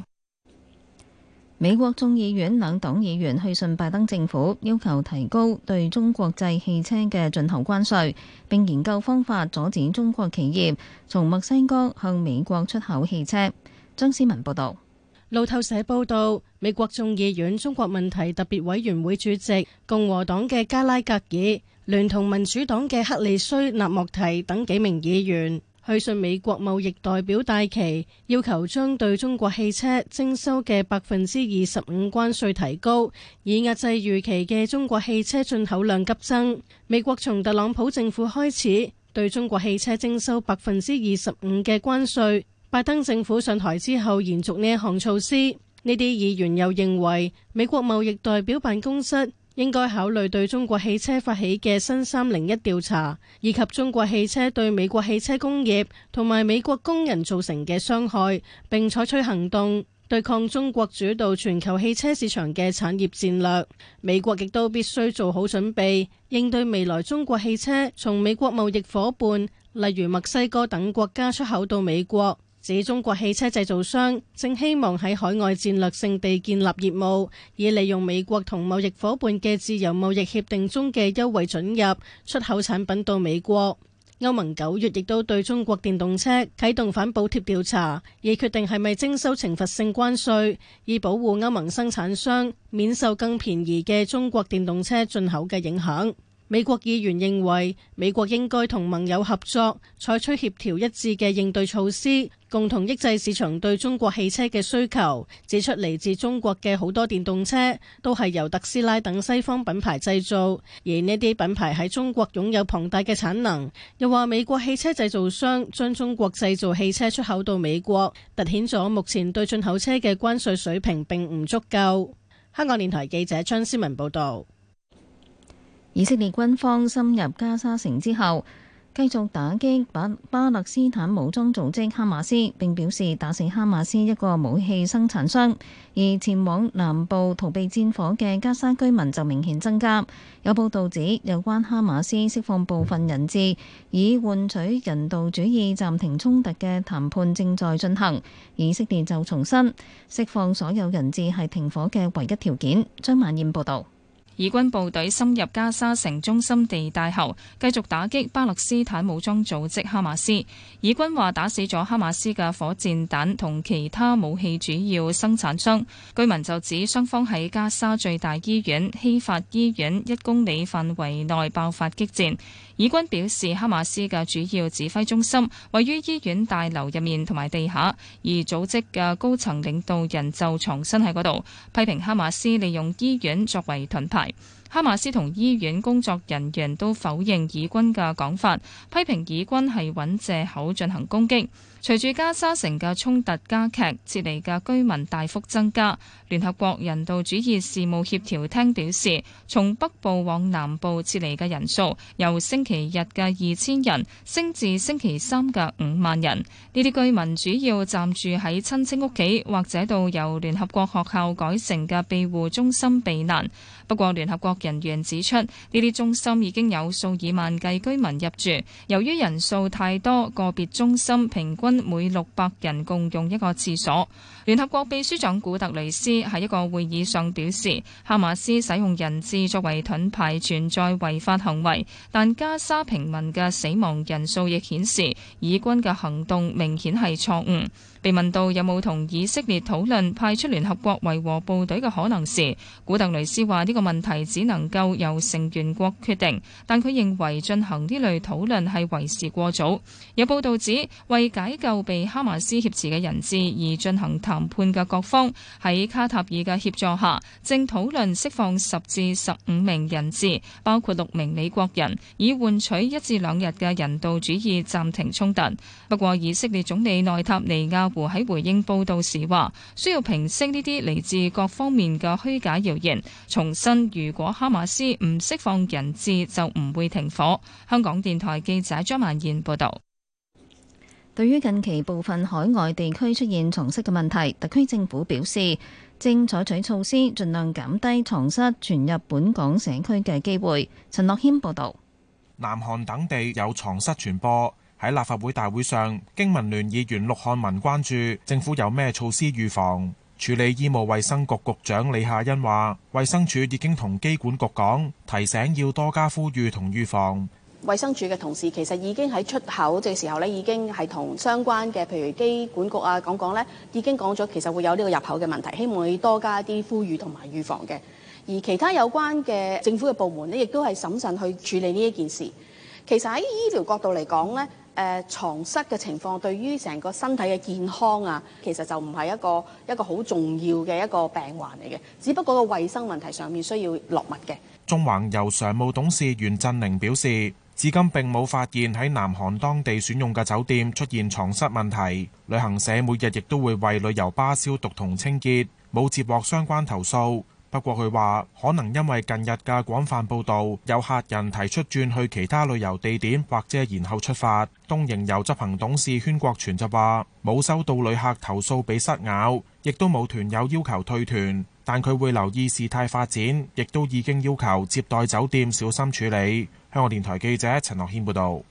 美國眾議院兩黨議員去信拜登政府，要求提高對中國製汽車嘅進口關稅，並研究方法阻止中國企業從墨西哥向美國出口汽車。張思文報道。路透社報道，美國眾議院中國問題特別委員會主席共和黨嘅加拉格爾，聯同民主黨嘅克里須納莫提等幾名議員。去信美國貿易代表戴琦，要求將對中國汽車徵收嘅百分之二十五關稅提高，以壓制預期嘅中國汽車進口量急增。美國從特朗普政府開始對中國汽車徵收百分之二十五嘅關稅，拜登政府上台之後延續呢一項措施。呢啲議員又認為美國貿易代表辦公室。應該考慮對中國汽車發起嘅新三零一調查，以及中國汽車對美國汽車工業同埋美國工人造成嘅傷害，並採取行動，對抗中國主導全球汽車市場嘅產業戰略。美國亦都必須做好準備，應對未來中國汽車從美國貿易伙伴，例如墨西哥等國家出口到美國。指中國汽車製造商正希望喺海外戰略性地建立業務，以利用美國同貿易夥伴嘅自由貿易協定中嘅優惠准入出口產品到美國。歐盟九月亦都對中國電動車啟動反補貼調查，以決定係咪徵收懲罰性關稅，以保護歐盟生產商免受更便宜嘅中國電動車進口嘅影響。美國議員認為美國應該同盟友合作，採取協調一致嘅應對措施，共同抑制市場對中國汽車嘅需求。指出嚟自中國嘅好多電動車都係由特斯拉等西方品牌製造，而呢啲品牌喺中國擁有龐大嘅產能。又話美國汽車製造商將中國製造汽車出口到美國，凸顯咗目前對進口車嘅關稅水平並唔足夠。香港電台記者張思文報道。以色列軍方深入加沙城之後，繼續打擊巴巴勒斯坦武裝組織哈馬斯，並表示打死哈馬斯一個武器生產商。而前往南部逃避戰火嘅加沙居民就明顯增加。有報道指，有關哈馬斯釋放部分人質，以換取人道主義暫停衝突嘅談判正在進行。以色列就重申，釋放所有人質係停火嘅唯一條件。張萬燕報道。以軍部隊深入加沙城中心地帶後，繼續打擊巴勒斯坦武裝組織哈馬斯。以軍話打死咗哈馬斯嘅火箭彈同其他武器主要生產商。居民就指雙方喺加沙最大醫院、希法醫院一公里範圍內爆發激戰。以軍表示，哈馬斯嘅主要指揮中心位於醫院大樓入面同埋地下，而組織嘅高層領導人就藏身喺嗰度，批評哈馬斯利用醫院作為盾牌。哈馬斯同醫院工作人員都否認以軍嘅講法，批評以軍係揾藉口進行攻擊。隨住加沙城嘅衝突加劇，撤離嘅居民大幅增加。聯合國人道主義事務協調廳表示，從北部往南部撤離嘅人數由星期日嘅二千人升至星期三嘅五萬人。呢啲居民主要暫住喺親戚屋企，或者到由聯合國學校改成嘅庇護中心避難。不過，聯合國人員指出，呢啲中心已經有數以萬計居民入住。由於人數太多，個別中心平均每六百人共用一個廁所。聯合國秘書長古特雷斯喺一個會議上表示，哈馬斯使用人質作為盾牌存在違法行為，但加沙平民嘅死亡人數亦顯示以軍嘅行動明顯係錯誤，被問到有冇同以色列討論派出聯合國維和部隊嘅可能時，古特雷斯話呢個問題只能夠由成員國決定，但佢認為進行呢類討論係為時過早。有報道指為解救被哈馬斯挾持嘅人質而進行談判嘅各方喺卡塔爾嘅協助下，正討論釋放十至十五名人質，包括六名美國人，以換取一至兩日嘅人道主義暫停衝突。不過，以色列總理內塔尼亞胡喺回應報道時話，需要平息呢啲嚟自各方面嘅虛假謠言。重申，如果哈馬斯唔釋放人質，就唔會停火。香港電台記者張曼燕報道。對於近期部分海外地區出現床蝨嘅問題，特區政府表示正採取措施，盡量減低床蝨傳入本港社區嘅機會。陳樂謙報導。南韓等地有床蝨傳播，喺立法會大會上，經民聯議員陸漢文關注政府有咩措施預防處理。醫務衛生局局長李夏欣話，衛生署已經同機管局講，提醒要多加呼籲同預防。衛生署嘅同事其實已經喺出口嘅時候咧、啊，已經係同相關嘅，譬如機管局啊講講咧，已經講咗其實會有呢個入口嘅問題，希望可以多加啲呼籲同埋預防嘅。而其他有關嘅政府嘅部門呢亦都係審慎去處理呢一件事。其實喺醫療角度嚟講咧，誒、呃、牀蝨嘅情況對於成個身體嘅健康啊，其實就唔係一個一個好重要嘅一個病患嚟嘅，只不過個衞生問題上面需要落實嘅。中環由常務董事袁振寧表示。至今並冇發現喺南韓當地選用嘅酒店出現藏室問題，旅行社每日亦都會為旅遊巴消毒同清潔，冇接獲相關投訴。不過，佢話可能因為近日嘅廣泛報道，有客人提出轉去其他旅遊地點或者然後出發。東瀛遊執行董事禤國全就話，冇收到旅客投訴俾失咬，亦都冇團友要求退團，但佢會留意事態發展，亦都已經要求接待酒店小心處理。香港電台記者陳樂軒報道。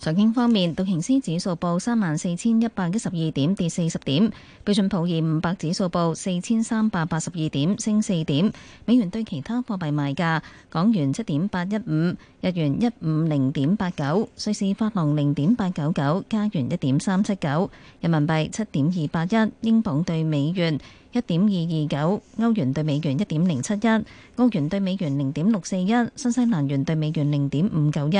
財經方面，道瓊斯指數報三萬四千一百一十二點，跌四十點；標準普爾五百指數報四千三百八十二點，升四點。美元對其他貨幣賣價：港元七點八一五，日元一五零點八九，瑞士法郎零點八九九，加元一點三七九，人民幣七點二八一，英鎊兌美元。一點二二九，歐元對美元一點零七一，澳元對美元零點六四一，新西蘭元對美元零點五九一。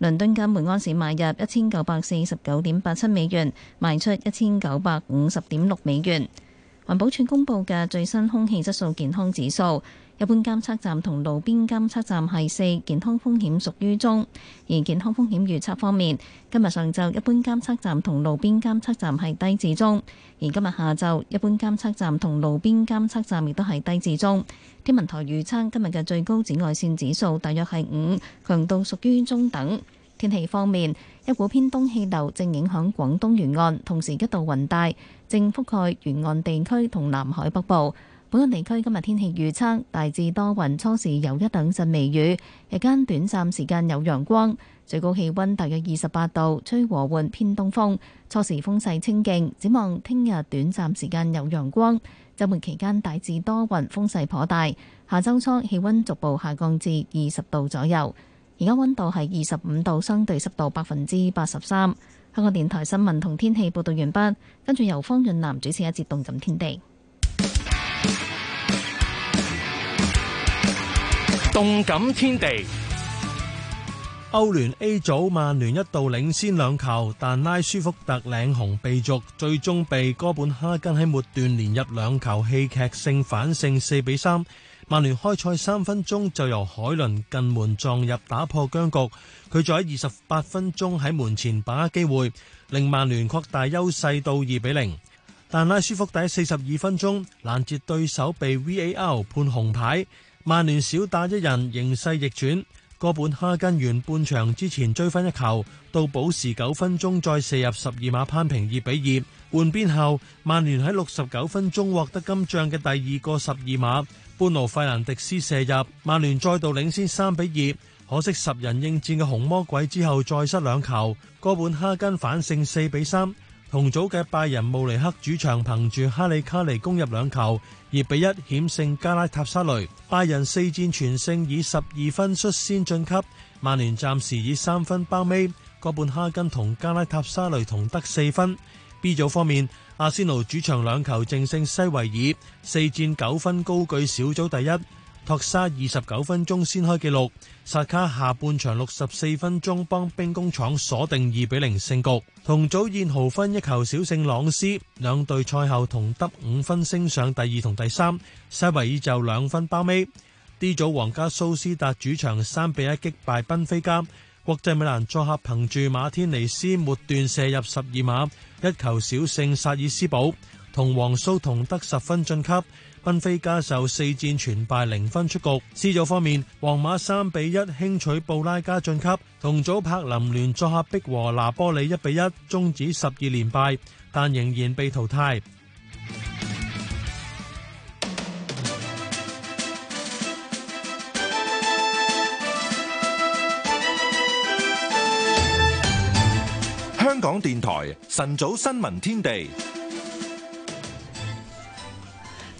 倫敦金每安士買入一千九百四十九點八七美元，賣出一千九百五十點六美元。環保署公佈嘅最新空氣質素健康指數。一般監測站同路邊監測站係四，健康風險屬於中，而健康風險預測方面，今日上晝一般監測站同路邊監測站係低至中，而今日下晝一般監測站同路邊監測站亦都係低至中。天文台預測今日嘅最高紫外線指數大約係五，強度屬於中等。天氣方面，一股偏東氣流正影響廣東沿岸，同時一道雲帶正覆蓋沿岸地區同南海北部。本港地區今日天氣預測，大致多雲，初時有一兩陣微雨，日間短暫時間有陽光，最高氣溫大約二十八度，吹和緩偏東風，初時風勢清勁。展望聽日短暫時間有陽光，周末期間大致多雲，風勢頗大。下周初氣溫逐步下降至二十度左右。而家溫度係二十五度，相對濕度百分之八十三。香港電台新聞同天氣報道完畢，跟住由方潤南主持一節動感天地。動感天地，歐聯 A 組曼聯一度領先兩球，但拉舒福特領紅被逐，最終被哥本哈根喺末段連入兩球，戲劇性反勝4比3。曼聯開賽比曼聯少打一人，形勢逆轉。哥本哈根完半場之前追分一球，到補時九分鐘再射入十二碼攀平二比二。換邊後，曼聯喺六十九分鐘獲得金將嘅第二個十二碼，半路費南迪斯射入，曼聯再度領先三比二。可惜十人應戰嘅紅魔鬼之後再失兩球，哥本哈根反勝四比三。同組嘅拜仁慕尼黑主場憑住哈利卡尼攻入兩球。二比一險勝加拉塔沙雷，拜仁四戰全勝以十二分率先進級，曼聯暫時以三分包尾，哥本哈根同加拉塔沙雷同得四分。B 組方面，阿仙奴主場兩球淨勝西維爾，四戰九分高居小組第一。托沙二十九分鐘先開紀錄，薩卡下半場六十四分鐘幫兵工廠鎖定二比零勝局。同組燕豪芬一球小勝朗斯，兩隊賽後同得五分升上第二同第三。西維爾就兩分包尾。D 組皇家蘇斯達主場三比一擊敗賓菲加，國際米蘭作客憑住馬天尼斯末段射入十二碼一球小勝薩爾斯堡，同皇蘇同得十分晉級。賓菲加受四戰全敗零分出局，C 組方面，皇馬三比一輕取布拉加晉級，同組柏林聯作客逼和拿波里一比一，終止十二連敗，但仍然被淘汰。香港電台晨早新聞天地。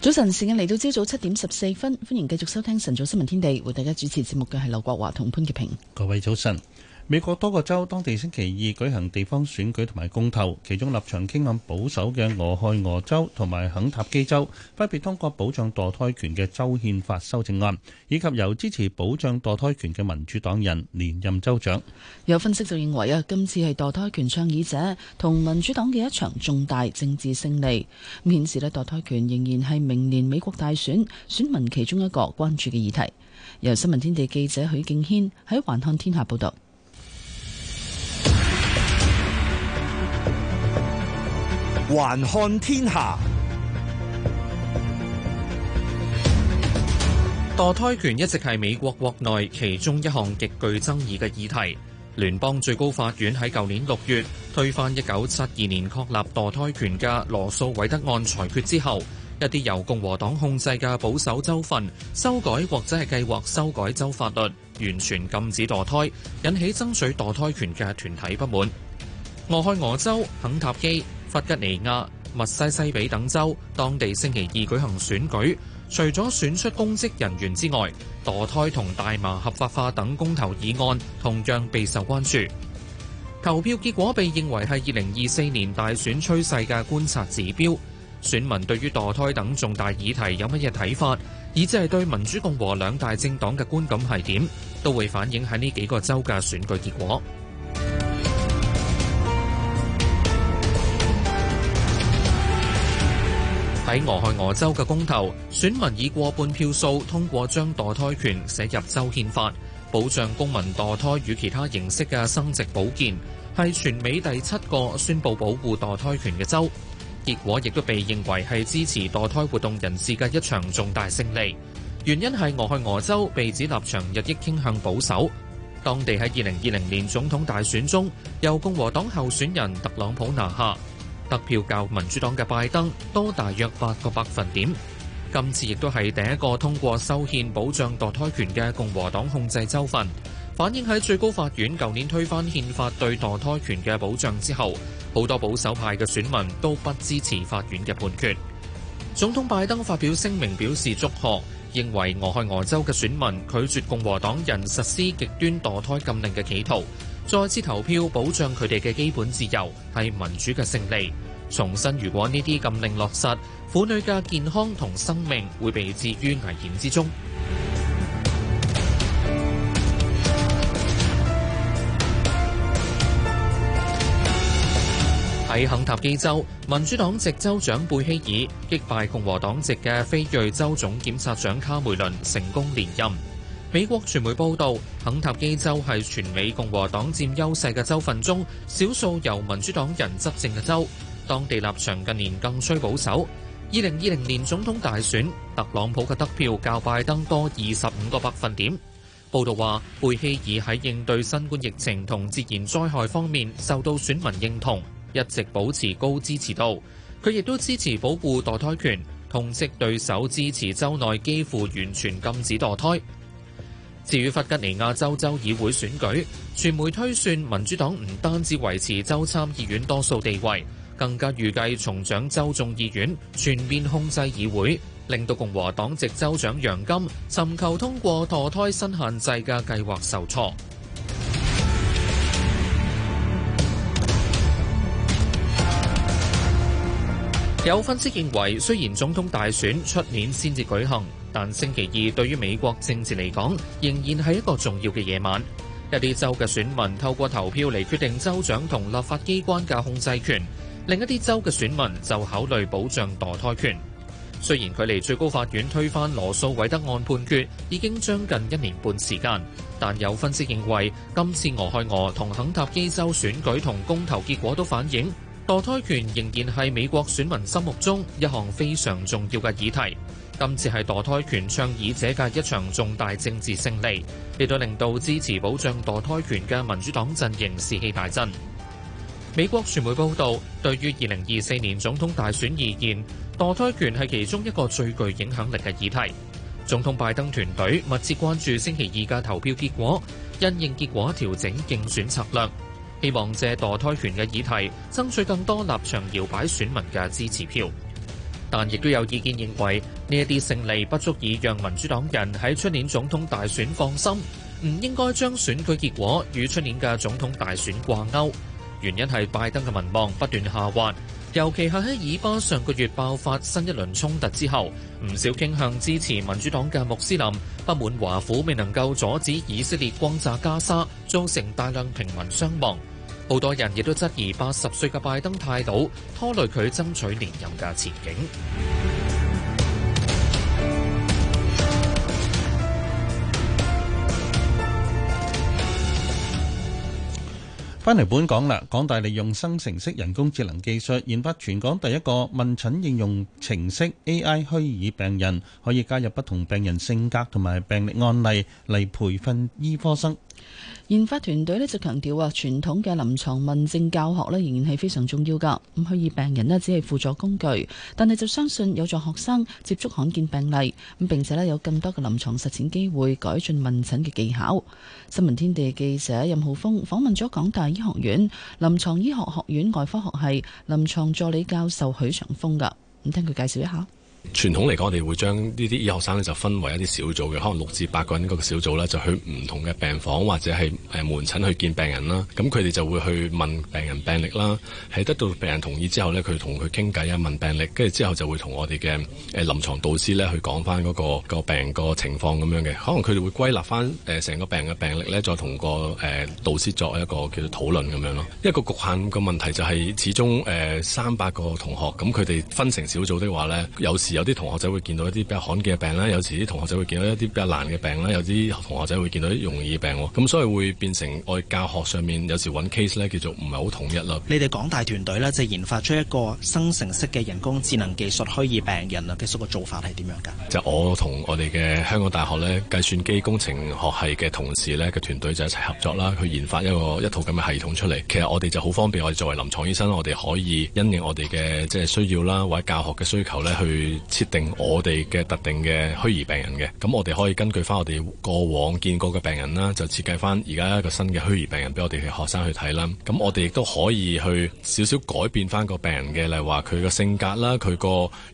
早晨，時間嚟到朝早七點十四分，歡迎繼續收聽晨早新聞天地。為大家主持節目嘅係劉國華同潘潔平。各位早晨。美國多個州當地星期二舉行地方選舉同埋公投，其中立場傾向保守嘅俄亥俄州同埋肯塔基州分別通過保障墮胎權嘅州憲法修正案，以及由支持保障墮胎權嘅民主黨人連任州長。有分析就認為啊，今次係墮胎權倡議者同民主黨嘅一場重大政治勝利。顯示呢，墮胎權仍然係明年美國大選選民其中一個關注嘅議題。由新聞天地記者許敬軒喺環看天下報道。還看天下墮胎權一直係美國國內其中一項極具爭議嘅議題。聯邦最高法院喺舊年六月推翻一九七二年確立墮胎權嘅羅訴韋德案裁決之後，一啲由共和黨控制嘅保守州份修改或者係計劃修改州法律，完全禁止墮胎，引起爭取墮胎權嘅團體不滿。俄亥俄州、肯塔基。弗吉尼亞、密西西比等州，當地星期二舉行選舉，除咗選出公職人員之外，墮胎同大麻合法化等公投議案同樣備受關注。投票結果被認為係二零二四年大選趨勢嘅觀察指標，選民對於墮胎等重大議題有乜嘢睇法，以至係對民主共和兩大政黨嘅觀感係點，都會反映喺呢幾個州嘅選舉結果。喺俄亥俄州嘅公投，選民以過半票數通過將墮胎權寫入州憲法，保障公民墮胎與其他形式嘅生殖保健，係全美第七個宣布保護墮胎權嘅州。結果亦都被認為係支持墮胎活動人士嘅一場重大勝利。原因係俄亥俄州被指立場日益傾向保守，當地喺二零二零年總統大選中由共和黨候選人特朗普拿下，得票較民主黨嘅拜登多大約八個百分點。今次亦都係第一個通過修憲保障墮胎權嘅共和黨控制州份，反映喺最高法院舊年推翻憲法對墮胎權嘅保障之後，好多保守派嘅選民都不支持法院嘅判決。總統拜登發表聲明表示祝賀，認為俄亥俄州嘅選民拒絕共和黨人實施極端墮胎禁令嘅企圖。再次投票保障佢哋嘅基本自由，係民主嘅勝利。重申如果呢啲禁令落實，婦女嘅健康同生命會被置於危險之中。喺 [MUSIC] 肯塔基州，民主黨籍州長貝希爾擊敗共和黨籍嘅非裔州總檢察長卡梅倫，成功連任。美國傳媒報道，肯塔基州係全美共和黨佔優勢嘅州份中，少數由民主黨人執政嘅州。當地立場近年更趨保守。二零二零年總統大選，特朗普嘅得票較拜登多二十五個百分點。報道話，貝希爾喺應對新冠疫情同自然災害方面受到選民認同，一直保持高支持度。佢亦都支持保護墮胎權，痛斥對手支持州內幾乎完全禁止墮胎。至於弗吉尼亞州州議會選舉，傳媒推算民主黨唔單止維持州參議院多數地位，更加預計重掌州眾議院全面控制議會，令到共和黨籍州長楊金尋求通過墮胎新限制嘅計劃受挫。有分析認為，雖然總統大選出年先至舉行，但星期二對於美國政治嚟講，仍然係一個重要嘅夜晚。一啲州嘅選民透過投票嚟決定州長同立法機關嘅控制權，另一啲州嘅選民就考慮保障墮胎權。雖然距離最高法院推翻羅訴韋德案判決已經將近一年半時間，但有分析認為，今次俄亥俄同肯塔基州選舉同公投結果都反映，墮胎權仍然係美國選民心目中一項非常重要嘅議題。今次係墮胎權倡議者嘅一場重大政治勝利，亦都令到支持保障墮胎權嘅民主黨陣營士氣大振。美國傳媒報道，對於二零二四年總統大選而言，墮胎權係其中一個最具影響力嘅議題。總統拜登團隊密切關注星期二嘅投票結果，因應結果調整競選策略。希望借墮胎權嘅議題爭取更多立場搖擺選民嘅支持票，但亦都有意見認為呢一啲勝利不足以讓民主黨人喺出年總統大選放心，唔應該將選舉結果與出年嘅總統大選掛鈎。原因係拜登嘅民望不斷下滑，尤其係喺以巴上個月爆發新一輪衝突之後，唔少傾向支持民主黨嘅穆斯林不滿華府未能夠阻止以色列轟炸加沙，造成大量平民傷亡。好多人亦都質疑八十歲嘅拜登態度拖累佢爭取連任嘅前景。翻嚟本港啦，港大利用生成式人工智能技術研發全港第一個問診應用程式 AI 虛擬病人，可以加入不同病人性格同埋病歷案例嚟培訓醫科生。研發團隊咧就強調話，傳統嘅臨床問症教學咧仍然係非常重要噶咁虛擬病人咧只係輔助工具，但係就相信有助學生接觸罕見病例咁，並且咧有更多嘅臨床實踐機會，改進問診嘅技巧。新聞天地記者任浩峰訪問咗港大醫學院臨床醫學學院外科學系臨床助理教授許長峰噶咁，聽佢介紹一下。傳統嚟講，我哋會將呢啲醫學生咧就分為一啲小組嘅，可能六至八個人嗰個小組咧就去唔同嘅病房或者係誒門診去見病人啦。咁佢哋就會去問病人病歷啦，喺、啊、得到病人同意之後呢，佢同佢傾偈啊，問病歷，跟住之後就會同我哋嘅誒臨床導師咧去講翻嗰個、嗰個病個情況咁樣嘅。可能佢哋會歸納翻誒成個病嘅病歷咧，再同個誒、呃、導師作一個叫做討論咁樣咯。一個局限個問題就係、係、始終誒三百個同學咁，佢哋分成小組的話咧，有時有啲同學仔會見到一啲比較罕見嘅病啦，有時啲同學仔會見到一啲比較難嘅病啦，有啲同學仔會見到啲容易嘅病，咁所以會變成我哋教學上面有時揾 case 咧，叫做唔係好統一啦。你哋港大團隊咧，就係研發出一個生成式嘅人工智能技術虛擬病人啊，其實個做法係點樣㗎？就我同我哋嘅香港大學咧計算機工程學系嘅同事咧嘅團隊就一齊合作啦，去研發一個一套咁嘅系統出嚟。其實我哋就好方便，我哋作為臨床醫生，我哋可以因應我哋嘅即係需要啦，或者教學嘅需求咧去，設定我哋嘅特定嘅虛擬病人嘅，咁我哋可以根據翻我哋過往見過嘅病人啦，就設計翻而家一個新嘅虛擬病人俾我哋嘅學生去睇啦。咁我哋亦都可以去少少改變翻個病人嘅，例如話佢嘅性格啦、佢個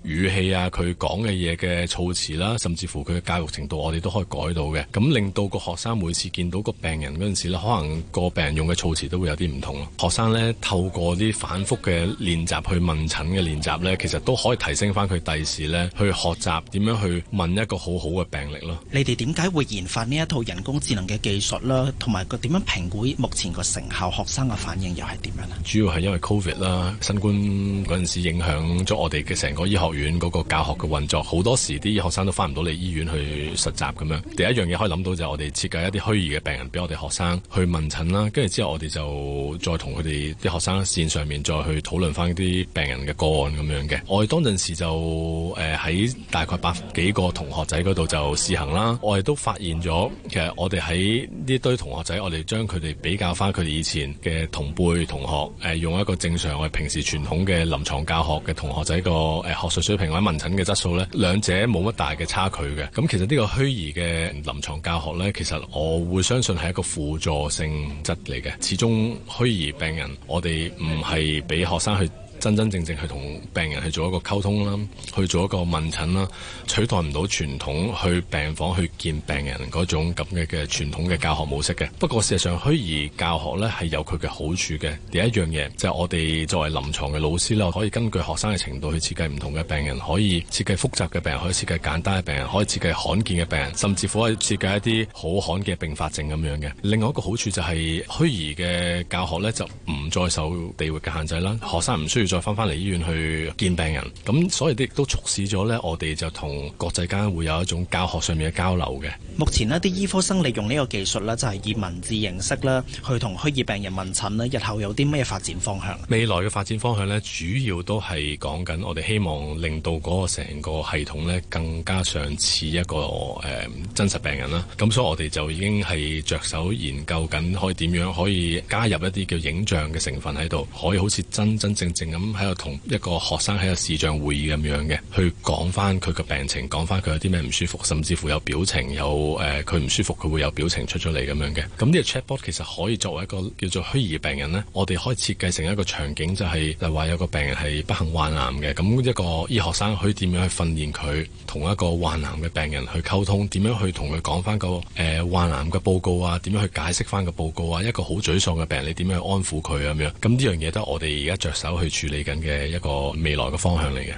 語氣啊、佢講嘅嘢嘅措辭啦，甚至乎佢嘅教育程度，我哋都可以改到嘅。咁令到個學生每次見到個病人嗰陣時呢，可能個病人用嘅措辭都會有啲唔同。學生呢透過啲反覆嘅練習去問診嘅練習呢，其實都可以提升翻佢第時去學習點樣去問一個好好嘅病歷咯。你哋點解會研發呢一套人工智能嘅技術啦？同埋佢點樣評估目前個成效？學生嘅反應又係點樣啊？主要係因為 Covid 啦，新冠嗰陣時影響咗我哋嘅成個醫學院嗰個教學嘅運作。好多時啲醫學生都翻唔到嚟醫院去實習咁樣。第一樣嘢可以諗到就係我哋設計一啲虛擬嘅病人俾我哋學生去問診啦。跟住之後我哋就再同佢哋啲學生線上面再去討論翻啲病人嘅個案咁樣嘅。我哋當陣時就。誒，喺大概百幾個同學仔嗰度就試行啦。我哋都發現咗，其實我哋喺呢堆同學仔，我哋將佢哋比較翻佢哋以前嘅同輩同學，誒，用一個正常我哋平時傳統嘅臨床教學嘅同學仔個誒學術水平或者問診嘅質素呢，兩者冇乜大嘅差距嘅。咁其實呢個虛擬嘅臨床教學呢，其實我會相信係一個輔助性質嚟嘅，始終虛擬病人我哋唔係俾學生去。真真正正去同病人去做一個溝通啦，去做一個問診啦，取代唔到傳統去病房去見病人嗰種咁嘅嘅傳統嘅教學模式嘅。不過事實上，虛擬教學咧係有佢嘅好處嘅。第一樣嘢就係、是、我哋作為臨床嘅老師啦，可以根據學生嘅程度去設計唔同嘅病人，可以設計複雜嘅病人，可以設計簡單嘅病人，可以設計罕見嘅病人，甚至乎可以設計一啲好罕嘅併發症咁樣嘅。另外一個好處就係虛擬嘅教學咧就唔再受地域嘅限制啦，學生唔需要。再翻翻嚟醫院去見病人，咁所以啲都促使咗呢，我哋就同國際間會有一種教學上面嘅交流嘅。目前呢啲醫科生利用呢個技術呢，就係、是、以文字形式啦，去同虛擬病人問診呢，日後有啲咩發展方向？未來嘅發展方向呢，主要都係講緊我哋希望令到嗰個成個系統呢，更加上似一個誒、呃、真實病人啦。咁所以，我哋就已經係着手研究緊，可以點樣可以加入一啲叫影像嘅成分喺度，可以好似真真正正嘅。咁喺度同一個學生喺個視像會議咁樣嘅，去講翻佢個病情，講翻佢有啲咩唔舒服，甚至乎有表情，有誒，佢唔舒服佢會有表情出咗嚟咁樣嘅。咁、嗯、呢、這個 Chatbot 其實可以作為一個叫做虛擬病人呢，我哋可以設計成一個場景，就是，就係例話有個病人係不幸患癌嘅，咁、嗯、一個醫學生可以點樣去訓練佢同一個患癌嘅病人去溝通，點樣去同佢講翻個誒、呃、患癌嘅報告啊，點樣去解釋翻個報告啊，一個好沮喪嘅病人，你點樣去安撫佢咁樣？咁呢樣嘢都我哋而家着手去處。嚟緊嘅一個未來嘅方向嚟嘅。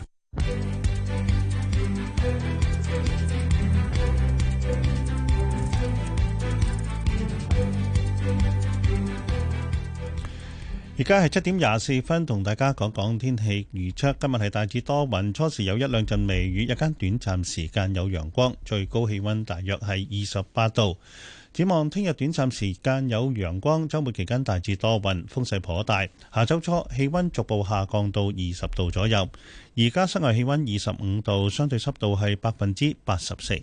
而家係七點廿四分，同大家講講天氣預測。今日係大致多雲，初時有一兩陣微雨，一間短暫時間有陽光，最高氣温大約係二十八度。展望聽日短暫時間有陽光，週末期間大致多雲，風勢頗大。下周初氣温逐步下降到二十度左右，而家室外氣温二十五度，相對濕度係百分之八十四。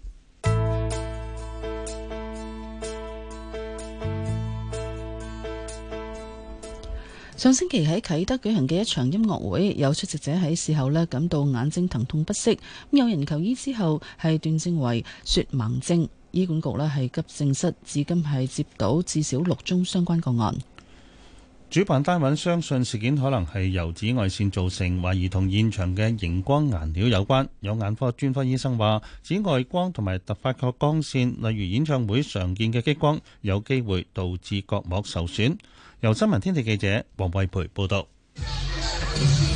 上星期喺啟德舉行嘅一場音樂會，有出席者喺事後呢，感到眼睛疼痛不適，有人求醫之後係斷症為雪盲症。醫管局咧，係急症室，至今係接到至少六宗相關個案。主辦單位相信事件可能係由紫外線造成，懷疑同現場嘅熒光顏料有關。有眼科專科醫生話，紫外光同埋突發嘅光線，例如演唱會常見嘅激光，有機會導致角膜受損。由新聞天地記者黃慧培報道。 [NOISE]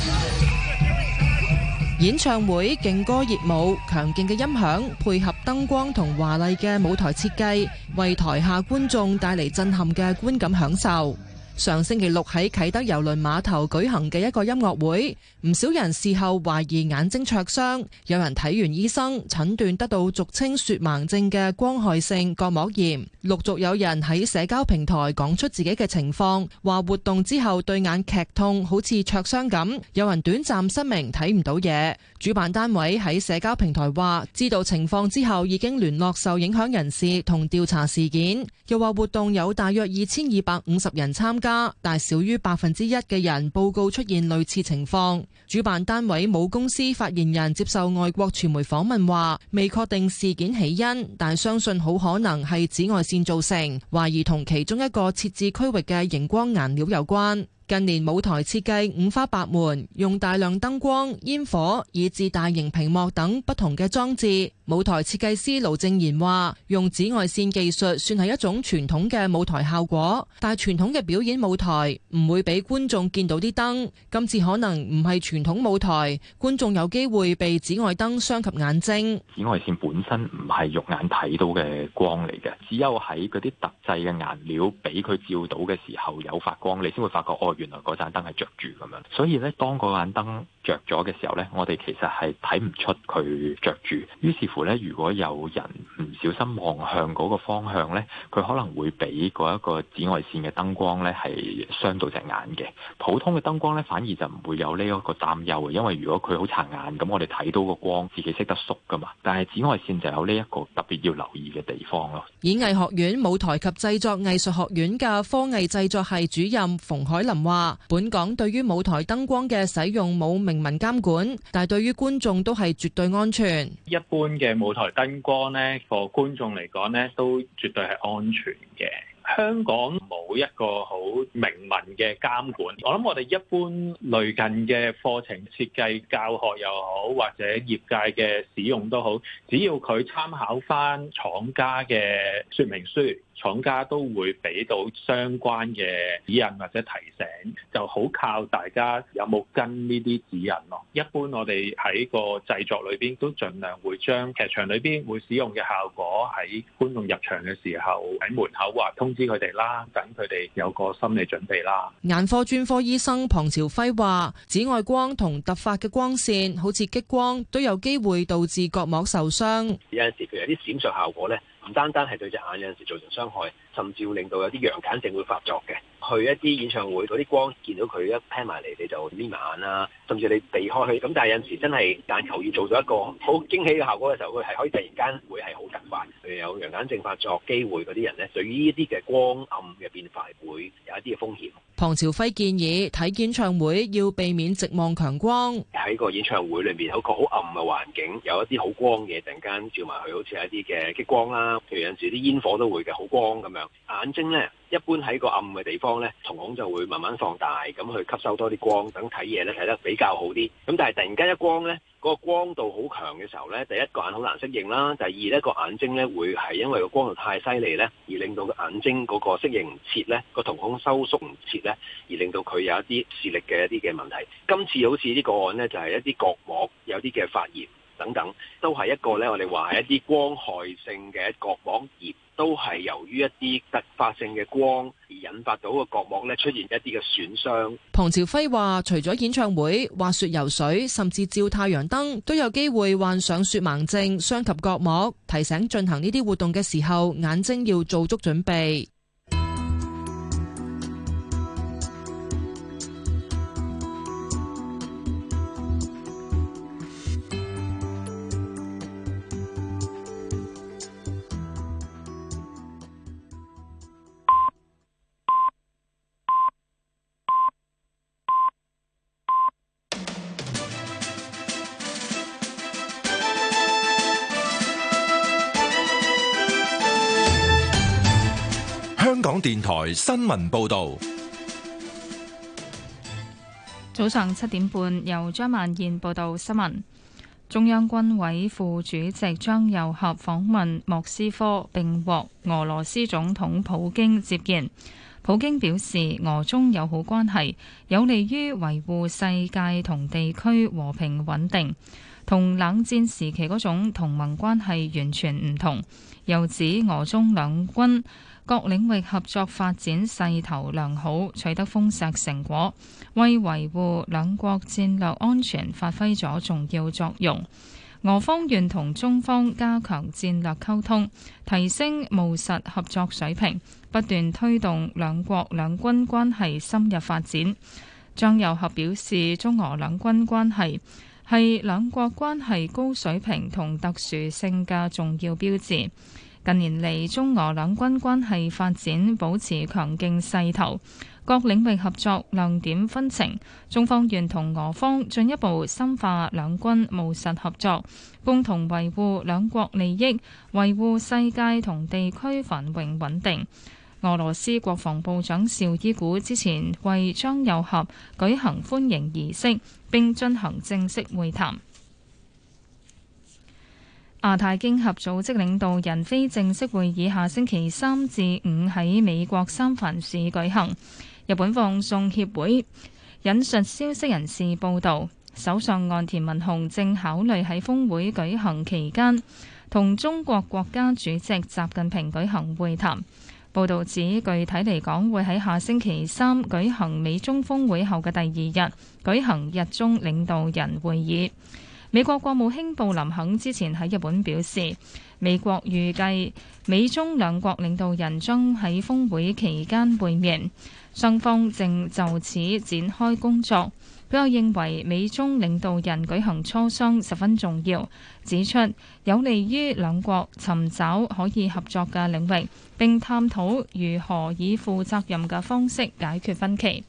演唱會，勁歌熱舞，強勁嘅音響配合燈光同華麗嘅舞台設計，為台下觀眾帶嚟震撼嘅觀感享受。上星期六喺啟德郵輪碼頭舉行嘅一個音樂會。唔少人事後懷疑眼睛灼傷，有人睇完醫生診斷得到俗稱雪盲症嘅光害性角膜炎。陸續有人喺社交平台講出自己嘅情況，話活動之後對眼劇痛，好似灼傷咁。有人短暫失明，睇唔到嘢。主辦單位喺社交平台話，知道情況之後已經聯絡受影響人士同調查事件，又話活動有大約二千二百五十人參加，但少於百分之一嘅人報告出現類似情況。主辦單位母公司發言人接受外國傳媒訪問話，未確定事件起因，但相信好可能係紫外線造成，懷疑同其中一個設置區域嘅熒光顏料有關。近年舞台設計五花八門，用大量燈光、煙火以至大型屏幕等不同嘅裝置。舞台設計師盧正賢話，用紫外線技術算係一種傳統嘅舞台效果，但係傳統嘅表演舞台唔會俾觀眾見到啲燈。今次可能唔係傳統舞台，觀眾有機會被紫外燈傷及眼睛。紫外線本身唔係肉眼睇到嘅光嚟嘅，只有喺嗰啲特製嘅顏料俾佢照到嘅時候有發光，你先會發覺原來嗰盞燈係著住咁樣，所以咧，當嗰盞燈，着咗嘅時候咧，我哋其實係睇唔出佢着住。於是乎咧，如果有人唔小心望向嗰個方向咧，佢可能會俾嗰一個紫外線嘅燈光咧係傷到隻眼嘅。普通嘅燈光咧，反而就唔會有呢一個擔憂，因為如果佢好擦眼，咁我哋睇到個光自己識得縮噶嘛。但係紫外線就有呢一個特別要留意嘅地方咯。演藝學院舞台及製作藝術學院嘅科藝製作系主任馮海林話本港對於舞台燈光嘅使用冇明。民監管，但係對於觀眾都係絕對安全。一般嘅舞台燈光咧，個觀眾嚟講咧都絕對係安全嘅。香港冇一個好明文嘅監管，我諗我哋一般類近嘅課程設計、教學又好，或者業界嘅使用都好，只要佢參考翻廠家嘅說明書。廠家都會俾到相關嘅指引或者提醒，就好靠大家有冇跟呢啲指引咯。一般我哋喺個製作裏邊都盡量會將劇場裏邊會使用嘅效果，喺觀眾入場嘅時候喺門口話通知佢哋啦，等佢哋有個心理準備啦。眼科專科醫生龐朝輝話：紫外光同突發嘅光線，好似激光，都有機會導致角膜受傷。有陣時，譬如有啲閃爍效果咧。唔單單係對隻眼有陣時造成傷害，甚至會令到有啲羊癇症會發作嘅。去一啲演唱會，嗰啲光見到佢一 pan 埋嚟，你就眯埋眼啦，甚至你避開佢。咁但係有陣時真係眼球要做咗一個好驚喜嘅效果嘅時候，佢係可以突然間會係好突發，例如有陽眼症發作機會嗰啲人咧，對於呢啲嘅光暗嘅變化會有一啲嘅風險。龐朝輝建議睇演唱會要避免直望強光。喺個演唱會裏面，有個好暗嘅環境，有一啲好光嘅突然間照埋去，好似有一啲嘅激光啦，譬如有陣時啲煙火都會嘅好光咁樣，眼睛咧。一般喺個暗嘅地方呢，瞳孔就會慢慢放大，咁去吸收多啲光，等睇嘢咧睇得比較好啲。咁但係突然間一光呢，嗰個光度好強嘅時候呢，第一個眼好難適應啦，第二呢個眼睛呢，會係因為個光度太犀利呢，而令到個眼睛嗰個適應唔切呢，個瞳孔收縮唔切呢，而令到佢有一啲視力嘅一啲嘅問題。今次好似呢個案呢，就係一啲角膜有啲嘅發炎。等等都係一個咧，我哋話係一啲光害性嘅角膜炎，都係由於一啲突發性嘅光而引發到個角膜咧出現一啲嘅損傷。龐朝輝話，除咗演唱會、滑雪、游水，甚至照太陽燈，都有機會患上雪盲症，傷及角膜。提醒進行呢啲活動嘅時候，眼睛要做足準備。電台新聞報道，早上七點半由張萬燕報道新聞。中央軍委副主席張又俠訪問莫斯科，並獲俄羅斯總統普京接見。普京表示，俄中友好關係有利於維護世界同地區和平穩定，同冷戰時期嗰種同盟關係完全唔同。又指俄中兩軍。各領域合作發展勢頭良好，取得豐碩成果，為維護兩國戰略安全發揮咗重要作用。俄方願同中方加強戰略溝通，提升務實合作水平，不斷推動兩國兩軍關係深入發展。張又俠表示，中俄兩軍關係係兩國關係高水平同特殊性嘅重要標誌。近年嚟，中俄兩軍關係發展保持強勁勢頭。各領域合作亮點紛呈。中方願同俄方，進一步深化兩軍務實合作，共同維護兩國利益，維護世界同地區繁榮穩定。俄羅斯國防部長邵伊古之前，為張又俠舉行歡迎儀式，並進行正式會談。亞太經合組織領導人非正式會議下星期三至五喺美國三藩市舉行。日本放送協會引述消息人士報導，首相岸田文雄正考慮喺峰會舉行期間同中國國家主席習近平舉行會談。報導指，具體嚟講，會喺下星期三舉行美中峰會後嘅第二日舉行日中領導人會議。美國國務卿布林肯之前喺日本表示，美國預計美中兩國領導人將喺峰會期間會面，雙方正就此展開工作。佢又認為美中領導人舉行磋商十分重要，指出有利於兩國尋找可以合作嘅領域，並探討如何以負責任嘅方式解決分歧。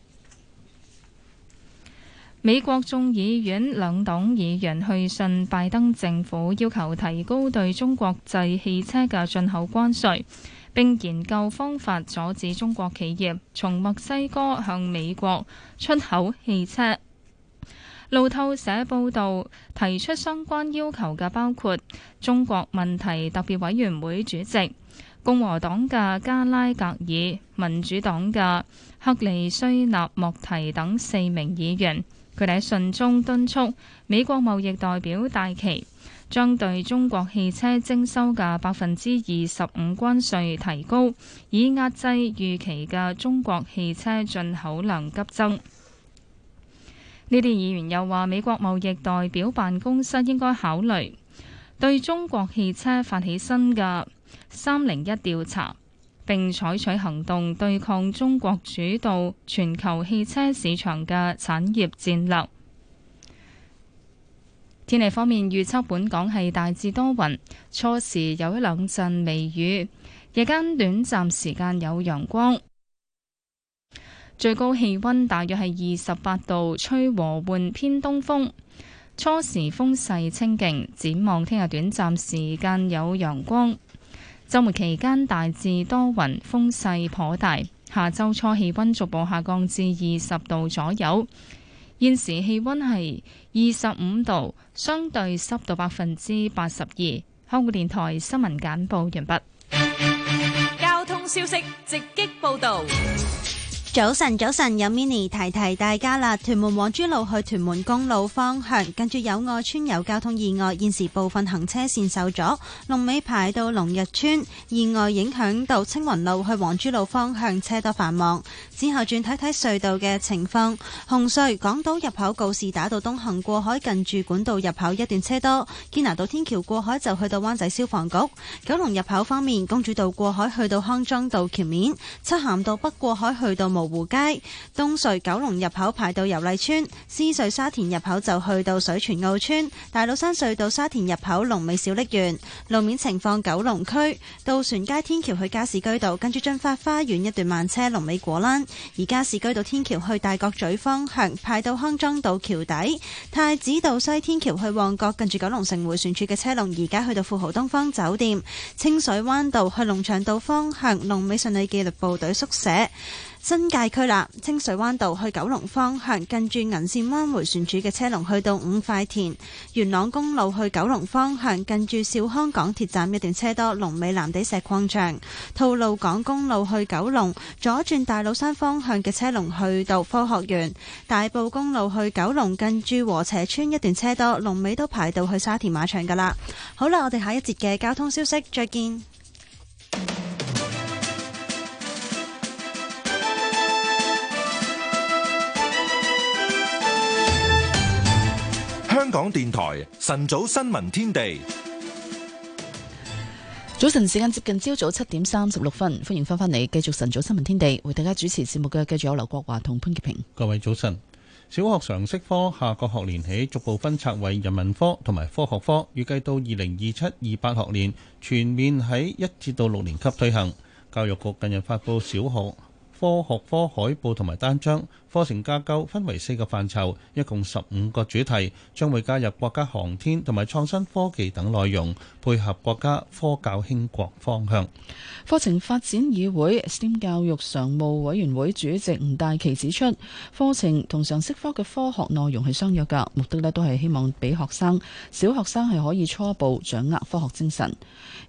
美國眾議院兩黨議員去信拜登政府，要求提高對中國製汽車嘅進口關稅，並研究方法阻止中國企業從墨西哥向美國出口汽車。路透社報道，提出相關要求嘅包括中國問題特別委員會主席、共和黨嘅加拉格爾、民主黨嘅克利須納莫提等四名議員。佢哋喺信中敦促美國貿易代表戴琦將對中國汽車征收嘅百分之二十五關稅提高，以壓制預期嘅中國汽車進口量急增。呢啲議員又話，美國貿易代表辦公室應該考慮對中國汽車發起新嘅三零一調查。並採取行動對抗中國主導全球汽車市場嘅產業戰略。天氣方面預測，本港係大致多雲，初時有一兩陣微雨，日間短暫時間有陽光，最高氣温大約係二十八度，吹和緩偏東風，初時風勢清勁，展望聽日短暫時間有陽光。周末期間大致多雲，風勢頗大。下周初氣溫逐步下降至二十度左右。現時氣溫係二十五度，相對濕度百分之八十二。香港電台新聞簡報完畢。交通消息直擊報導。早晨，早晨，有 mini 提提大家啦。屯門黃珠路去屯門公路方向，近住友愛邨有交通意外，現時部分行車線受阻。龍尾排到龍逸邨，意外影響到青雲路去黃珠路方向車多繁忙。之後轉睇睇隧道嘅情況，紅隧港島入口告士打道東行過海，近住管道入口一段車多。堅拿道天橋過海就去到灣仔消防局。九龍入口方面，公主道過海去到康莊道橋面，漆咸道北過海去到湖街東隧九龍入口排到油麗村，獅隧沙田入口就去到水泉澳村，大老山隧道沙田入口龍尾小瀝源。路面情況。九龍區渡船街天橋去加士居道，跟住駿發花園一段慢車龍尾果欄，而加士居道天橋去大角咀方向排到康莊道橋底，太子道西天橋去旺角，跟住九龍城迴旋處嘅車龍，而家去到富豪東方酒店，清水灣道去龍翔道方向，龍尾順利紀律部隊宿舍。新界區啦，清水灣道去九龍方向，近住銀線灣回旋處嘅車龍去到五塊田；元朗公路去九龍方向，近住兆康港鐵站一段車多，龍尾藍地石礦場；吐露港公路去九龍，左轉大老山方向嘅車龍去到科學園；大埔公路去九龍，近住和斜村一段車多，龍尾都排到去沙田馬場㗎啦。好啦，我哋下一節嘅交通消息，再見。香港電台晨早新聞天地，早晨時間接近朝早七點三十六分，歡迎翻返嚟，繼續晨早新聞天地，為大家主持節目嘅繼續有劉國華同潘潔平。各位早晨，小學常識科下個學年起逐步分拆為人文科同埋科學科，預計到二零二七二八學年全面喺一至到六年級推行。教育局近日發佈小學。科學科海報同埋單張課程架構，分為四個範疇，一共十五個主題，將會加入國家航天同埋創新科技等內容，配合國家科教興國方向。課程發展議會 STEM 教育常務委員會主席吳大琪指出，課程同常識科嘅科學內容係相約㗎，目的咧都係希望俾學生小學生係可以初步掌握科學精神。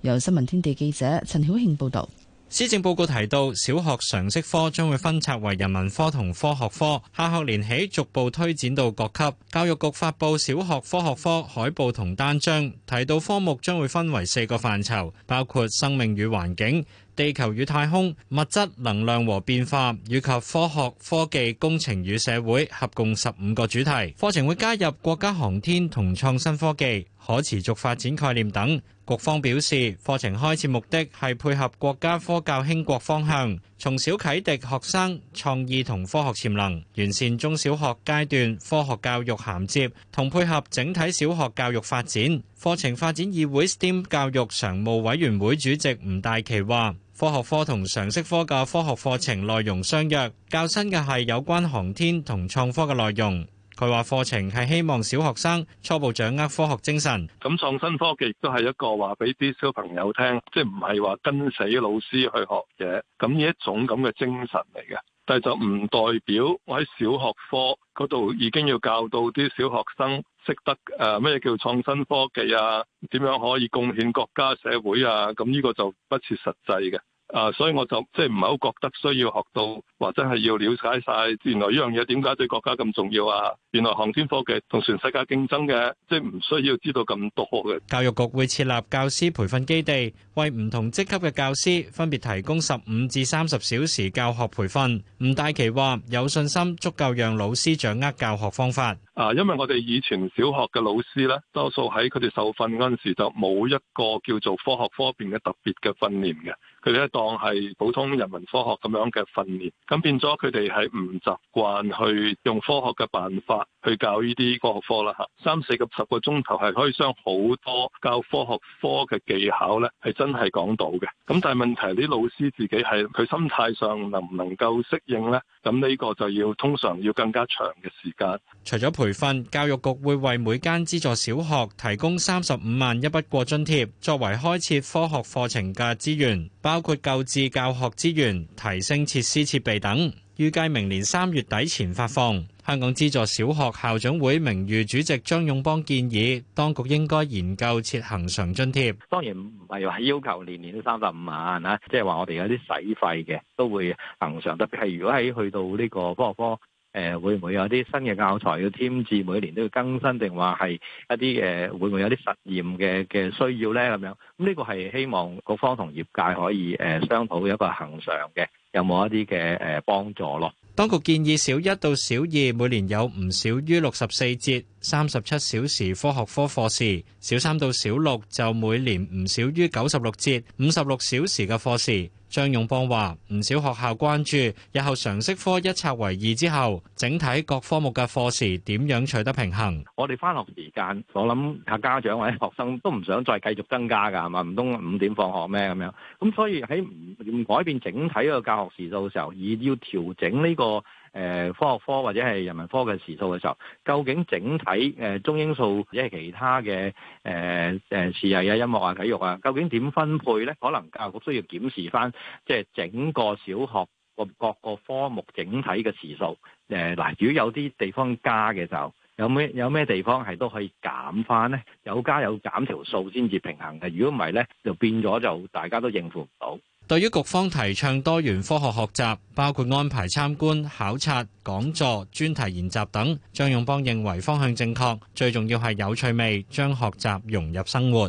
由新聞天地記者陳曉慶報導。施政報告提到，小學常識科將會分拆為人文科同科學科，下學年起逐步推展到各級。教育局發布小學科學科海報同單張，提到科目將會分為四個範疇，包括生命與環境、地球與太空、物質能量和變化，以及科學科技工程與社會，合共十五個主題。課程會加入國家航天同創新科技。可持續發展概念等，局方表示課程開設目的係配合國家科教興國方向，從小啟迪學生創意同科學潛能，完善中小學階段科學教育銜接，同配合整體小學教育發展。課程發展議會 STEM 教育常務委員會主席吳大琪話：科學科同常識科嘅科學課程內容相若，較新嘅係有關航天同創科嘅內容。佢話課程係希望小學生初步掌握科學精神，咁創新科技亦都係一個話俾啲小朋友聽，即係唔係話跟死老師去學嘢，咁呢一種咁嘅精神嚟嘅。但係就唔代表我喺小學科嗰度已經要教到啲小學生識得誒咩叫創新科技啊，點樣可以貢獻國家社會啊？咁呢個就不切實際嘅。啊，所以我就即係唔係好覺得需要學到，或真係要了解晒原來呢樣嘢點解對國家咁重要啊？原來航天科技同全世界競爭嘅，即係唔需要知道咁多嘅。教育局會設立教師培訓基地，為唔同職級嘅教師分別提供十五至三十小時教學培訓。吳大琪話有信心足夠讓老師掌握教學方法。啊，因為我哋以前小學嘅老師咧，多數喺佢哋受訓嗰陣時就冇一個叫做科學科邊嘅特別嘅訓練嘅。佢哋當係普通人文科學咁樣嘅訓練，咁變咗佢哋係唔習慣去用科學嘅辦法。去教呢啲科學科啦嚇，三、四及十個鐘頭係可以將好多教科學科嘅技巧咧，係真係講到嘅。咁但係問題，啲老師自己係佢心態上能唔能夠適應呢？咁呢個就要通常要更加長嘅時間。除咗培訓，教育局會為每間資助小學提供三十五萬一筆過津貼，作為開設科學課程嘅資源，包括購置教學資源、提升設施設備等，預計明年三月底前發放。香港資助小學校長會名譽主席張勇邦建議，當局應該研究設恆常津貼。當然唔係話要求年年都三十五萬吓，即係話我哋有啲使費嘅都會恆常。特別係如果喺去到呢個科學科，誒會唔會有啲新嘅教材要添置，每年都要更新，定話係一啲誒會唔會有啲實驗嘅嘅需要咧？咁樣咁呢個係希望各方同業界可以誒商討一個恆常嘅，有冇一啲嘅誒幫助咯？當局建議小一到小二每年有唔少於六十四節三十七小時科學科課時，小三到小六就每年唔少於九十六節五十六小時嘅課時。張勇邦話：唔少學校關注日後常識科一拆為二之後，整體各科目嘅課時點樣取得平衡？我哋翻學時間，我諗阿家長或者學生都唔想再繼續增加噶，係嘛？唔通五點放學咩咁樣？咁所以喺唔改變整體個教學時數嘅時候，而要調整呢個。誒、呃、科學科或者係人文科嘅時數嘅時候，究竟整體誒、呃、中英數或者係其他嘅誒誒視藝啊、音樂啊、體育啊，究竟點分配咧？可能教育局需要檢視翻，即係整個小學個各個科目整體嘅時數。誒、呃，嗱、呃，如果有啲地方加嘅就，有咩有咩地方係都可以減翻咧？有加有減條數先至平衡嘅。如果唔係咧，就變咗就大家都應付唔到。對於局方提倡多元科學學習，包括安排參觀、考察、講座、專題研習等，張勇邦認為方向正確，最重要係有趣味，將學習融入生活。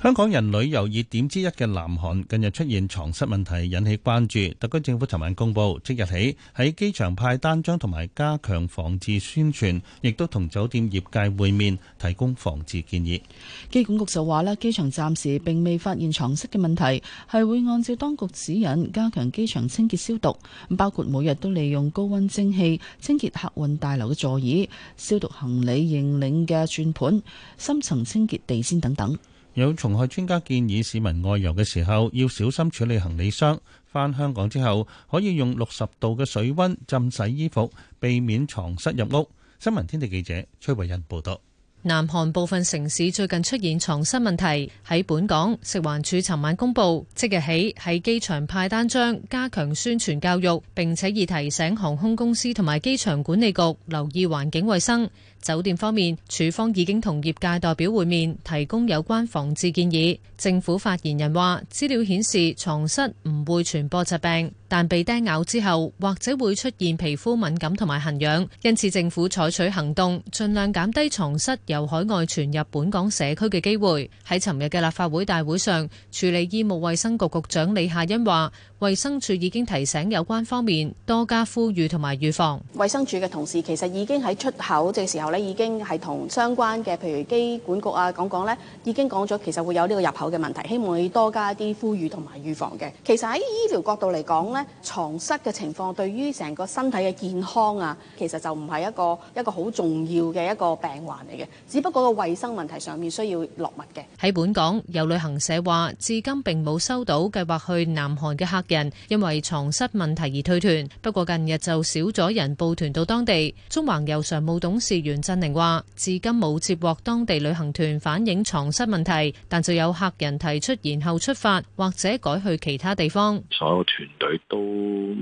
香港人旅遊熱點之一嘅南韓近日出現床蝨問題，引起關注。特區政府尋晚公布，即日起喺機場派單張同埋加強防治宣傳，亦都同酒店業界會面，提供防治建議。機管局就話咧，機場暫時並未發現床蝨嘅問題，係會按照當局指引加強機場清潔消毒，包括每日都利用高溫蒸氣清潔客運大樓嘅座椅、消毒行李認領嘅轉盤、深層清潔地氈等等。有蟲害專家建議市民外遊嘅時候要小心處理行李箱，返香港之後可以用六十度嘅水温浸洗衣服，避免床蝨入屋。新聞天地記者崔慧欣報道。南韓部分城市最近出現床蝨問題，喺本港食環署尋晚公布，即日起喺機場派單張加強宣傳教育，並且已提醒航空公司同埋機場管理局留意環境衛生。酒店方面，署方已經同業界代表會面，提供有關防治建議。政府發言人話，資料顯示，床蝨唔會傳播疾病，但被叮咬之後或者會出現皮膚敏感同埋痕癢。因此，政府採取行動，盡量減低床蝨由海外傳入本港社區嘅機會。喺尋日嘅立法會大會上，署理醫務衛生局局長李夏茵話。衛生署已經提醒有關方面多加呼籲同埋預防。衛生署嘅同事，其實已經喺出口嘅時候，已經係同相關嘅，譬如機管局啊，講講，已經講咗其實會有呢個入口嘅問題，希望你多加一啲呼籲同埋預防嘅。其實喺醫療角度嚟講呢，床蝨嘅情況對於成個身體嘅健康啊，其實就唔係一個一個好重要嘅一個病患嚟嘅，只不過個衛生問題上面需要落墨嘅。喺本港，有旅行社話,至今並冇收到，計劃去南韓嘅客。人因為床蝨問題而退團，不過近日就少咗人報團到當地。縱橫遊常務董事袁振寧話：至今冇接獲當地旅行團反映床蝨問題，但就有客人提出延後出發或者改去其他地方。所有團隊都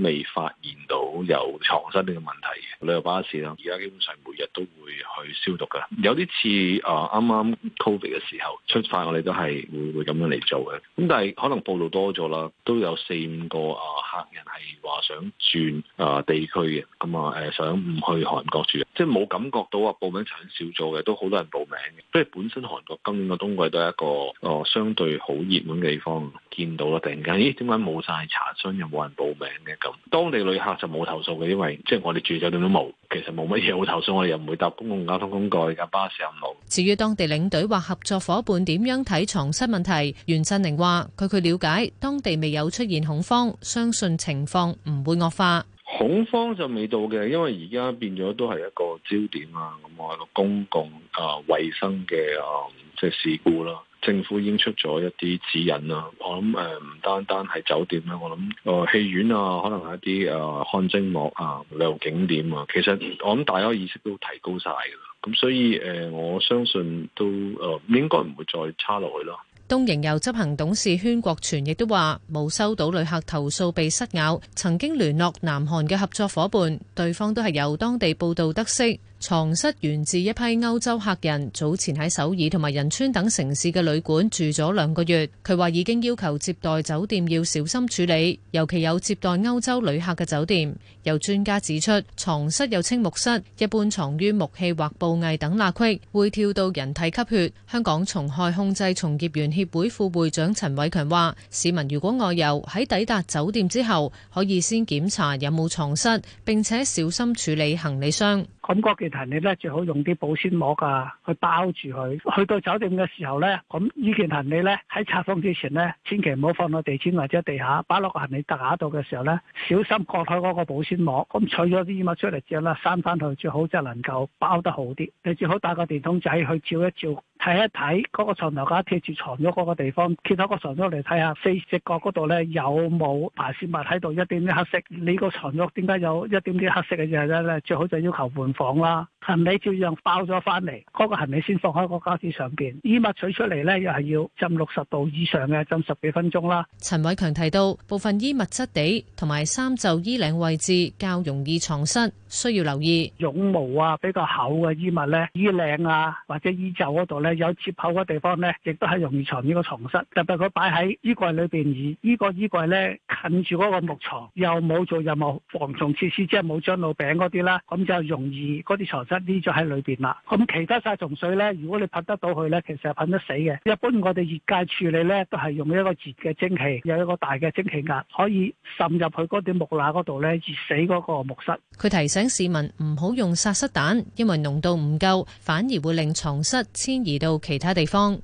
未發現到有床蝨呢個問題嘅旅遊巴士啦。而家基本上每日都會去消毒噶，有啲似啊啱啱 COVID 嘅時候出發我，我哋都係會會咁樣嚟做嘅。咁但係可能報道多咗啦，都有四。個啊、嗯、客人係話想轉啊地區嘅，咁啊誒想唔去韓國住。即係冇感覺到話報名搶少咗嘅，都好多人報名嘅。即係本身韓國今年個冬季都係一個哦相對好熱門嘅地方，見到咯，突然間，咦點解冇曬查詢又冇人報名嘅咁？當地旅客就冇投訴嘅，因為即係我哋住酒店都冇，其實冇乜嘢好投訴，我哋又唔會搭公共交通工具，而家巴士又冇。至於當地領隊或合作夥伴點樣睇藏身問題，袁振寧話：據佢瞭解，當地未有出現恐慌，相信情況唔會惡化。恐慌就未到嘅，因為而家變咗都係一個焦點啊，咁我係個公共啊、呃、衛生嘅啊、呃、即係事故啦。政府已經出咗一啲指引啦。我諗誒唔單單係酒店啦，我諗個戲院啊，可能一啲誒、呃、汗蒸幕啊、旅遊景點啊，其實我諗大家意識都提高晒㗎喇。咁、呃、所以誒、呃、我相信都誒、呃、應該唔會再差落去咯。東瀛遊執行董事禤國全亦都話冇收到旅客投訴被蝨咬，曾經聯絡南韓嘅合作伙伴，對方都係由當地報道得悉。床虱源自一批歐洲客人，早前喺首爾同埋仁川等城市嘅旅館住咗兩個月。佢話已經要求接待酒店要小心處理，尤其有接待歐洲旅客嘅酒店。有專家指出，床虱又稱木虱，一般藏於木器或布藝等罅隙，會跳到人體吸血。香港蟲害控制從業員協會副會長陳偉強話：市民如果外遊喺抵達酒店之後，可以先檢查有冇床虱，並且小心處理行李箱。咁嗰件行李咧，最好用啲保鮮膜啊，去包住佢。去到酒店嘅時候咧，咁呢件行李咧喺拆封之前咧，千祈唔好放到地氈或者地下。擺落個行李架度嘅時候咧，小心割開嗰個保鮮膜。咁取咗啲衣物出嚟之後咧，閂翻去最好就係能夠包得好啲。你最好帶個電筒仔去照一照。睇一睇嗰個床頭架貼住床褥嗰個地方，揭開個床褥嚟睇下四隻角嗰度咧，有冇排泄物喺度一點啲黑色。你個床褥點解有一點啲黑色嘅？就係咧，最好就要求換房啦。行李照樣包咗翻嚟，嗰個行李先放喺個傢俬上邊。衣物取出嚟咧，又係要浸六十度以上嘅，浸十幾分鐘啦。陳偉強提到，部分衣物質地同埋衫袖衣領位置較容易藏蝨，需要留意絨毛啊比較厚嘅衣物咧，衣領啊或者衣袖嗰度。有接口嘅地方咧，亦都係容易藏呢個床蝨。特別佢擺喺衣櫃裏邊，而呢個衣櫃咧近住嗰個木床，又冇做任何防蟲設施，即係冇樟腦餅嗰啲啦，咁就容易嗰啲床蝨匿咗喺裏邊啦。咁其他殺蟲水咧，如果你噴得到佢咧，其實係噴得死嘅。一般我哋業界處理咧，都係用一個熱嘅蒸汽，有一個大嘅蒸汽壓，可以滲入去嗰啲木罅嗰度咧，熱死嗰個木蝨。佢提醒市民唔好用殺虱彈，因為濃度唔夠，反而會令床蝨遷移。嚟到其他地方。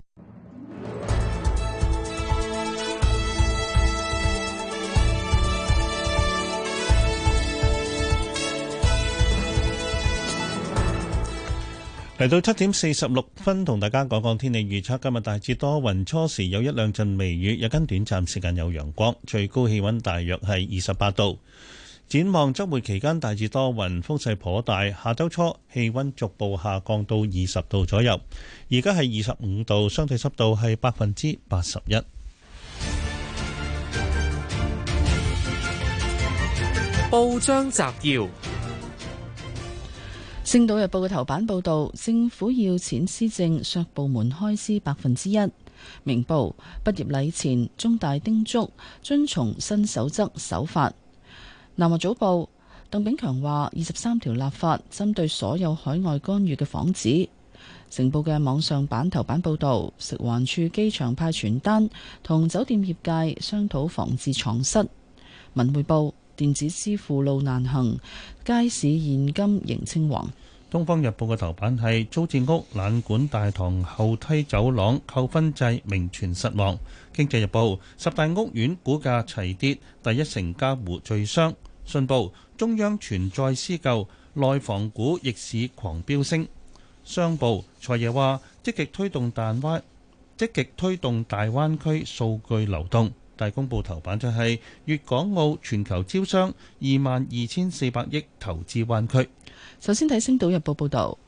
嚟到七點四十六分，同大家講講天氣預測。今日大致多雲，初時有一兩陣微雨，有間短暫時間有陽光，最高氣溫大約係二十八度。展望周末期間大致多雲，風勢頗大。下周初氣温逐步下降到二十度左右，而家係二十五度，相對濕度係百分之八十一。報章摘要：星島日報嘅頭版報導，政府要錢施政，削部門開支百分之一。明報畢業禮前，中大叮囑遵從新守則守法。南華早報鄧炳強話：二十三條立法針對所有海外干預嘅幌子。成報嘅網上版頭版報道，食環署機場派傳單，同酒店業界商討防治床虱。文匯報電子支付路難行，街市現金仍稱王。東方日報嘅頭版係租置屋冷管大堂後梯走廊扣分制名存實亡。《經濟日報》十大屋苑股價齊跌，第一成城家湖最傷。信報中央存在施救，內房股逆市狂飆升。商報財爺話：積極推動大灣積極推動大灣區數據流動。大公報頭版就係粵港澳全球招商二萬二千四百億投資灣區。首先睇《星島日報》報道。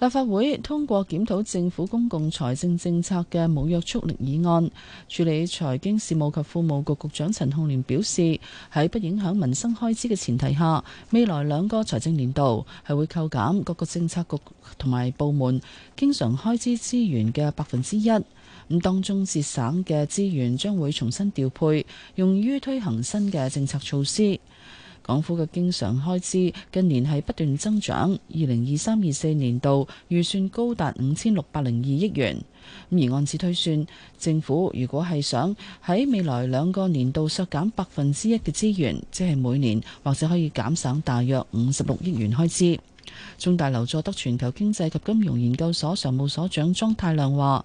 立法會通過檢討政府公共財政政策嘅無約束力議案，處理財經事務及庫務局副局長陳浩濂表示，喺不影響民生開支嘅前提下，未來兩個財政年度係會扣減各個政策局同埋部門經常開支資源嘅百分之一，咁當中節省嘅資源將會重新調配，用於推行新嘅政策措施。港府嘅經常開支近年係不斷增長，二零二三二四年度預算高達五千六百零二億元。而按此推算，政府如果係想喺未來兩個年度削減百分之一嘅資源，即係每年或者可以減省大約五十六億元開支。中大劉佐德全球經濟及金融研究所常務所長莊太量話。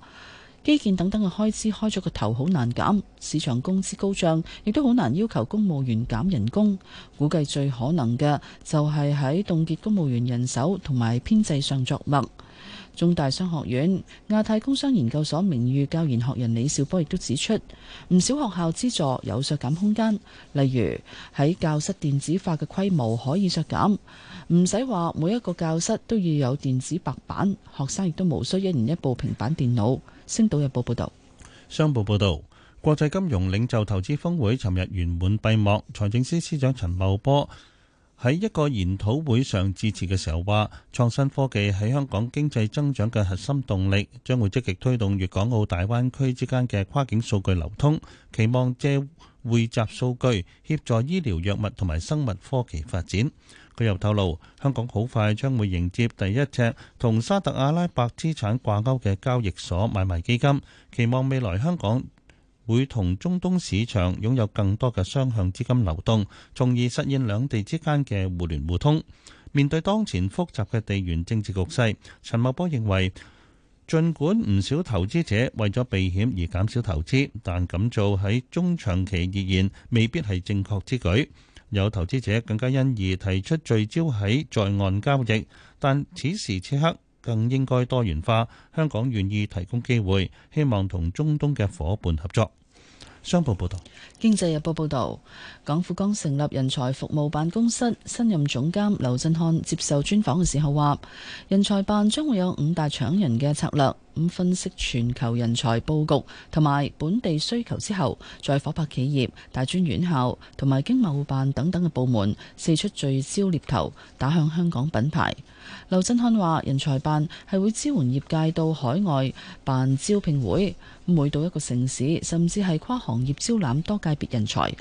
基建等等嘅開支開咗個頭好難減，市場工資高漲，亦都好難要求公務員減人工。估計最可能嘅就係喺凍結公務員人手同埋編制上作墨。中大商學院亞太工商研究所名譽教研學人李兆波亦都指出，唔少學校資助有削減空間，例如喺教室電子化嘅規模可以削減，唔使話每一個教室都要有電子白板，學生亦都無需一人一部平板電腦。星島日報報道。商報報道，國際金融領袖投資峰會尋日圓滿閉，閉幕，財政司司長陳茂波。喺一個研討會上致辭嘅時候話，創新科技係香港經濟增長嘅核心動力，將會積極推動粵港澳大灣區之間嘅跨境數據流通，期望借匯集數據協助醫療藥物同埋生物科技發展。佢又透露，香港好快將會迎接第一隻同沙特阿拉伯資產掛鈎嘅交易所買賣基金，期望未來香港，會同中東市場擁有更多嘅雙向資金流動，從而實現兩地之間嘅互聯互通。面對當前複雜嘅地緣政治局勢，陳茂波認為，儘管唔少投資者為咗避險而減少投資，但咁做喺中長期而言未必係正確之舉。有投資者更加因而提出聚焦喺在在岸交易，但此時此刻。更應該多元化。香港願意提供機會，希望同中東嘅伙伴合作。商報報導，《經濟日報》報導，港府剛成立人才服務辦公室，新任總監劉振漢接受專訪嘅時候話：人才辦將會有五大搶人嘅策略。咁分析全球人才佈局同埋本地需求之後，再夥拍企業、大專院校同埋經貿辦等等嘅部門，四出聚焦獵頭，打向香港品牌。劉振漢話：人才辦係會支援業界到海外辦招聘會，每到一個城市，甚至係跨行業招攬多界別人才。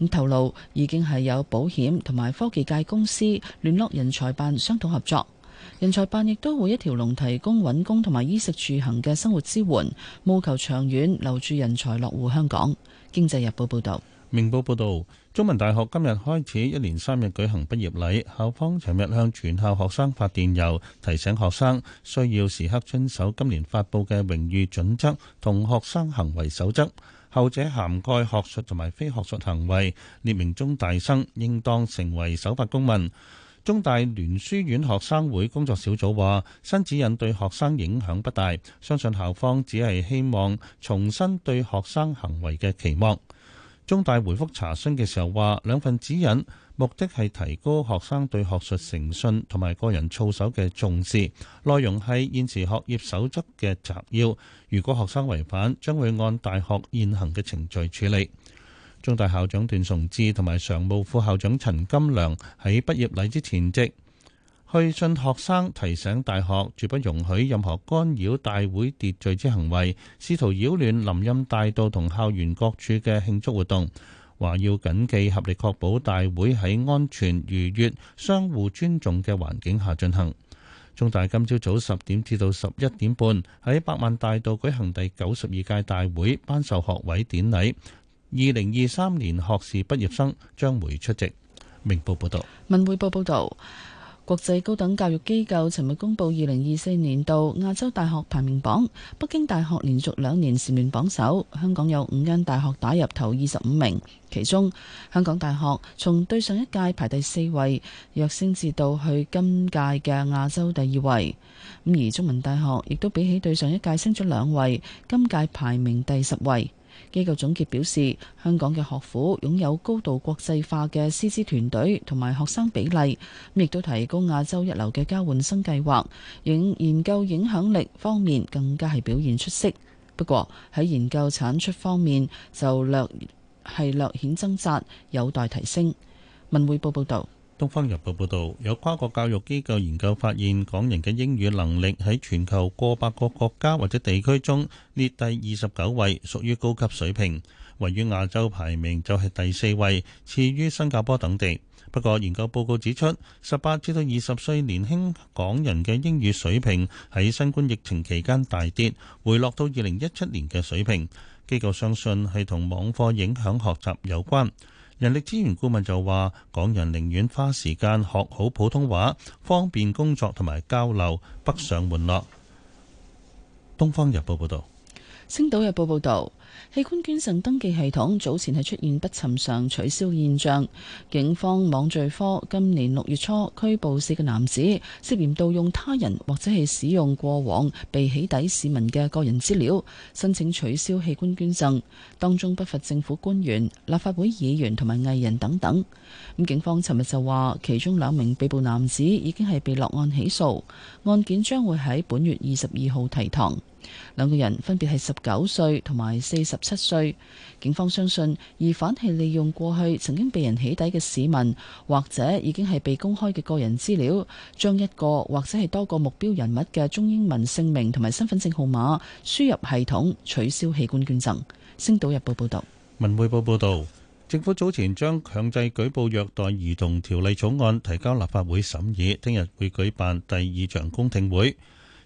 咁透露已經係有保險同埋科技界公司聯絡人才辦商討合作。人才辦亦都會一條龍提供揾工同埋衣食住行嘅生活支援，務求長遠留住人才落戶香港。經濟日報報道，明報報道。中文大學今日開始一連三日舉行畢業禮，校方尋日向全校學生發電郵，提醒學生需要時刻遵守今年發布嘅榮譽準則同學生行為守則，後者涵蓋學術同埋非學術行為。列明中大生應當成為守法公民。中大聯書院學生會工作小組話：新指引對學生影響不大，相信校方只係希望重申對學生行為嘅期望。中大回覆查詢嘅時候話，兩份指引目的係提高學生對學術誠信同埋個人操守嘅重視，內容係現時學業守則嘅摘要。如果學生違反，將會按大學現行嘅程序處理。中大校長段崇智同埋常務副校長陳金良喺畢業禮之前夕，去信學生提醒大學，絕不容許任何干擾大會秩序之行為，試圖擾亂林蔭大道同校園各處嘅慶祝活動。話要緊記合力確保大會喺安全、愉悅、相互尊重嘅環境下進行。中大今朝早十點至到十一點半喺百萬大道舉行第九十二屆大會頒授學位典禮，二零二三年學士畢業生將會出席。明報報道。文匯報報導。國際高等教育機構尋日公布二零二四年度亞洲大學排名榜，北京大學連續兩年蟬聯榜首，香港有五間大學打入頭二十五名，其中香港大學從對上一屆排第四位，躍升至到去今屆嘅亞洲第二位，咁而中文大學亦都比起對上一屆升咗兩位，今屆排名第十位。機構總結表示，香港嘅學府擁有高度國際化嘅師資團隊同埋學生比例，亦都提高亞洲一流嘅交換生計劃。影研究影響力方面更加係表現出色，不過喺研究產出方面就略係略顯掙扎，有待提升。文匯報報導。《東方日報》報導，有跨國教育機構研究發現，港人嘅英語能力喺全球過百個國家或者地區中列第二十九位，屬於高級水平。位於亞洲排名就係第四位，次於新加坡等地。不過，研究報告指出，十八至到二十歲年輕港人嘅英語水平喺新冠疫情期間大跌，回落到二零一七年嘅水平。機構相信係同網課影響學習有關。人力資源顧問就話：港人寧願花時間學好普通話，方便工作同埋交流，北上玩樂。《東方日報,報道》報導，《星島日報,報道》報導。器官捐贈登記系統早前係出現不尋常取消現象，警方網罪科今年六月初拘捕四個男子，涉嫌盜用他人或者係使用過往被起底市民嘅個人資料申請取消器官捐贈，當中不乏政府官員、立法會議員同埋藝人等等。咁警方尋日就話，其中兩名被捕男子已經係被落案起訴，案件將會喺本月二十二號提堂。兩個人分別係十九歲同埋四十七歲，警方相信疑犯係利用過去曾經被人起底嘅市民，或者已經係被公開嘅個人資料，將一個或者係多個目標人物嘅中英文姓名同埋身份證號碼輸入系統，取消器官捐贈。星島日報報道。文匯報報道，政府早前將強制舉報虐待兒童條例草案提交立法會審議，聽日會舉辦第二場公聽會。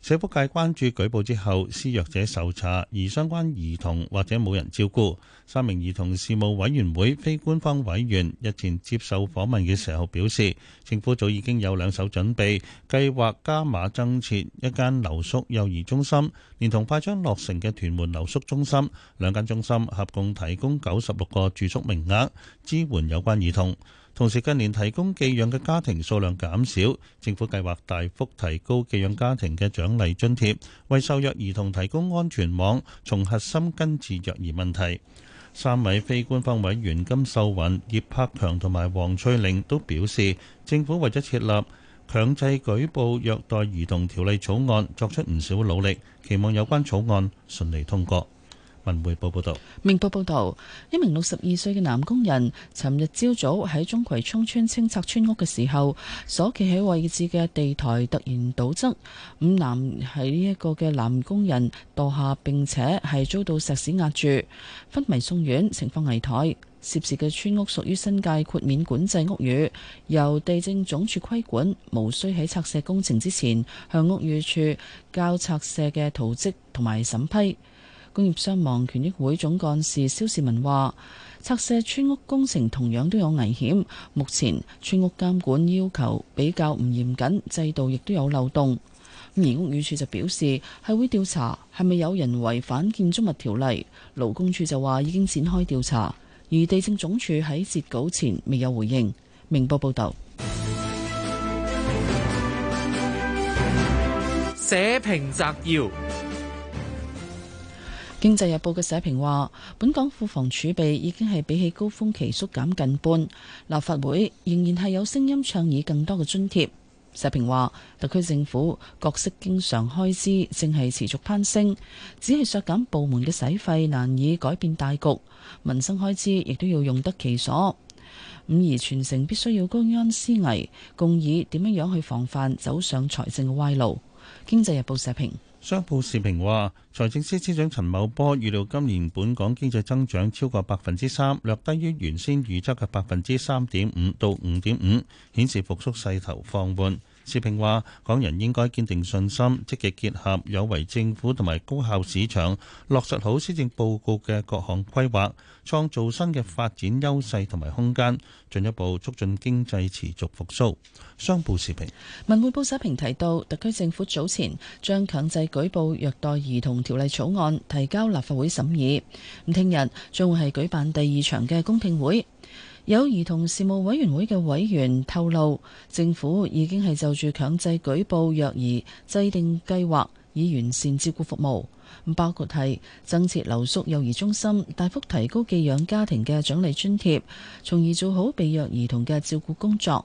社福界關注舉報之後，施虐者受查，而相關兒童或者冇人照顧。三名兒童事務委員會非官方委員日前接受訪問嘅時候表示，政府早已經有兩手準備，計劃加碼增設一間留宿幼兒中心，連同快將落成嘅屯門留宿中心，兩間中心合共提供九十六個住宿名額，支援有關兒童。同時近年提供寄養嘅家庭數量減少，政府計劃大幅提高寄養家庭嘅獎勵津貼，為受虐兒童提供安全網，從核心根治虐兒問題。三位非官方委員金秀雲、葉柏強同埋黃翠玲都表示，政府為咗設立強制舉報虐待兒童條例草案作出唔少努力，期望有關草案順利通過。文匯報報道，一名六十二歲嘅男工人，尋日朝早喺中葵涌村清拆村屋嘅時候，所企喺位置嘅地台突然倒側，五男喺呢一個嘅男工人墮下，並且係遭到石屎壓住，昏迷送院，情況危殆。涉事嘅村屋屬於新界豁免管制屋宇，由地政總署規管，無需喺拆卸工程之前向屋宇處交拆卸嘅圖則同埋審批。工業傷亡權益會總幹事蕭士文話：拆卸村屋工程同樣都有危險，目前村屋監管要求比較唔嚴謹，制度亦都有漏洞。而屋宇署就表示係會調查係咪有人違反建築物條例。勞工處就話已經展開調查，而地政總署喺截稿前未有回應。明報報道。社評摘要。《經濟日報》嘅社評話：本港庫房儲備已經係比起高峰期縮減近半，立法會仍然係有聲音倡議更多嘅津貼。社評話：特區政府各式經常開支正係持續攀升，只係削減部門嘅使費難以改變大局，民生開支亦都要用得其所。五而全城必須要居安思危，共議點樣樣去防範走上財政嘅歪路。《經濟日報》社評。商報社評話，財政司司長陳茂波預料今年本港經濟增長超過百分之三，略低於原先預測嘅百分之三點五到五點五，顯示復甦勢頭放緩。社評話，港人應該堅定信心，積極結合有為政府同埋高效市場，落實好施政報告嘅各項規劃。創造新嘅發展優勢同埋空間，進一步促進經濟持續復甦。商報時評，文匯報社評提到，特區政府早前將強制舉報虐待兒童條例草案提交立法會審議，咁聽日將會係舉辦第二場嘅公聽會。有兒童事務委員會嘅委員透露，政府已經係就住強制舉報虐兒制定計劃，以完善照顧服務。包括係增設留宿幼兒中心，大幅提高寄養家庭嘅獎勵津貼，從而做好被虐兒童嘅照顧工作。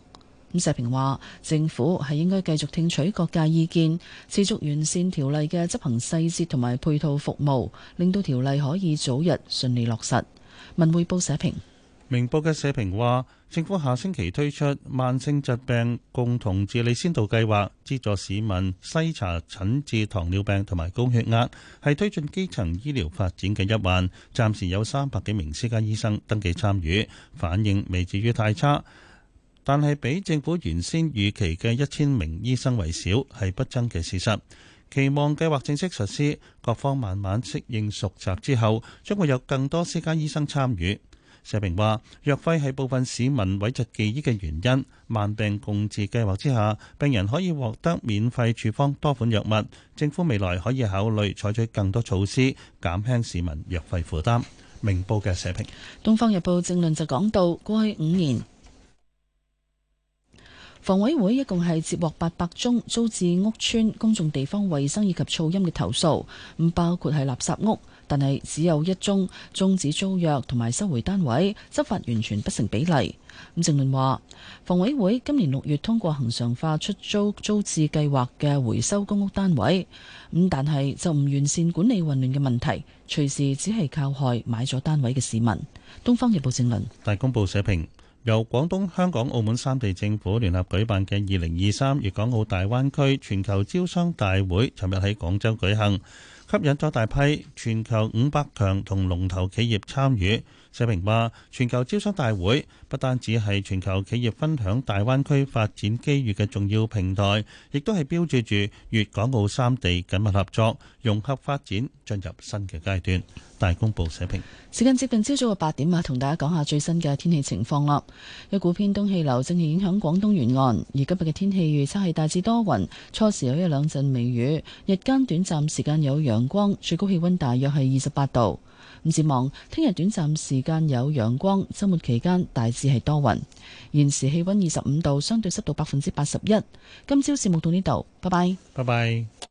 咁社評話，政府係應該繼續聽取各界意見，持續完善條例嘅執行細節同埋配套服務，令到條例可以早日順利落實。文匯報社評，明報嘅社評話，政府下星期推出慢性疾病共同治理先導計劃，資助市民篩查診治糖尿病同埋高血壓，係推進基層醫療發展嘅一環。暫時有三百幾名私家醫生登記參與，反應未至於太差，但係比政府原先預期嘅一千名醫生為少，係不爭嘅事實。期望計劃正式實施，各方慢慢適應熟習之後，將會有更多私家醫生參與。社評話藥費係部分市民諱疾忌醫嘅原因。慢病共治計劃之下，病人可以獲得免費處方多款藥物。政府未來可以考慮採取更多措施，減輕市民藥費負擔。明報嘅社評，《東方日報》政論就講到，過去五年，房委會一共係接獲八百宗租置屋邨、公眾地方衛生以及噪音嘅投訴，唔包括係垃圾屋。但係只有一宗終止租約同埋收回單位，執法完全不成比例。咁正論話，房委會今年六月通過恒常化出租租置計劃嘅回收公屋單位，咁但係就唔完善管理混亂嘅問題，隨時只係靠害買咗單位嘅市民。《東方日報》正論。大公報社評，由廣東、香港、澳門三地政府聯合舉辦嘅二零二三粵港澳大灣區全球招商大會，尋日喺廣州舉行。吸引咗大批全球五百強同龍頭企業參與。社評話，全球招商大會不單止係全球企業分享大灣區發展機遇嘅重要平台，亦都係標誌住粵港澳三地緊密合作、融合發展進入新嘅階段。大公報社評。時間接近朝早嘅八點啊，同大家講下最新嘅天氣情況啦。一股偏東氣流正係影響廣東沿岸，而今日嘅天氣預測係大致多雲，初時有一兩陣微雨，日間短暫時間有陽光，最高氣溫大約係二十八度。唔，展望聽日短暫時間有陽光，周末期間大致係多雲。現時氣溫二十五度，相對濕度百分之八十一。今朝節目到呢度，拜拜。拜拜。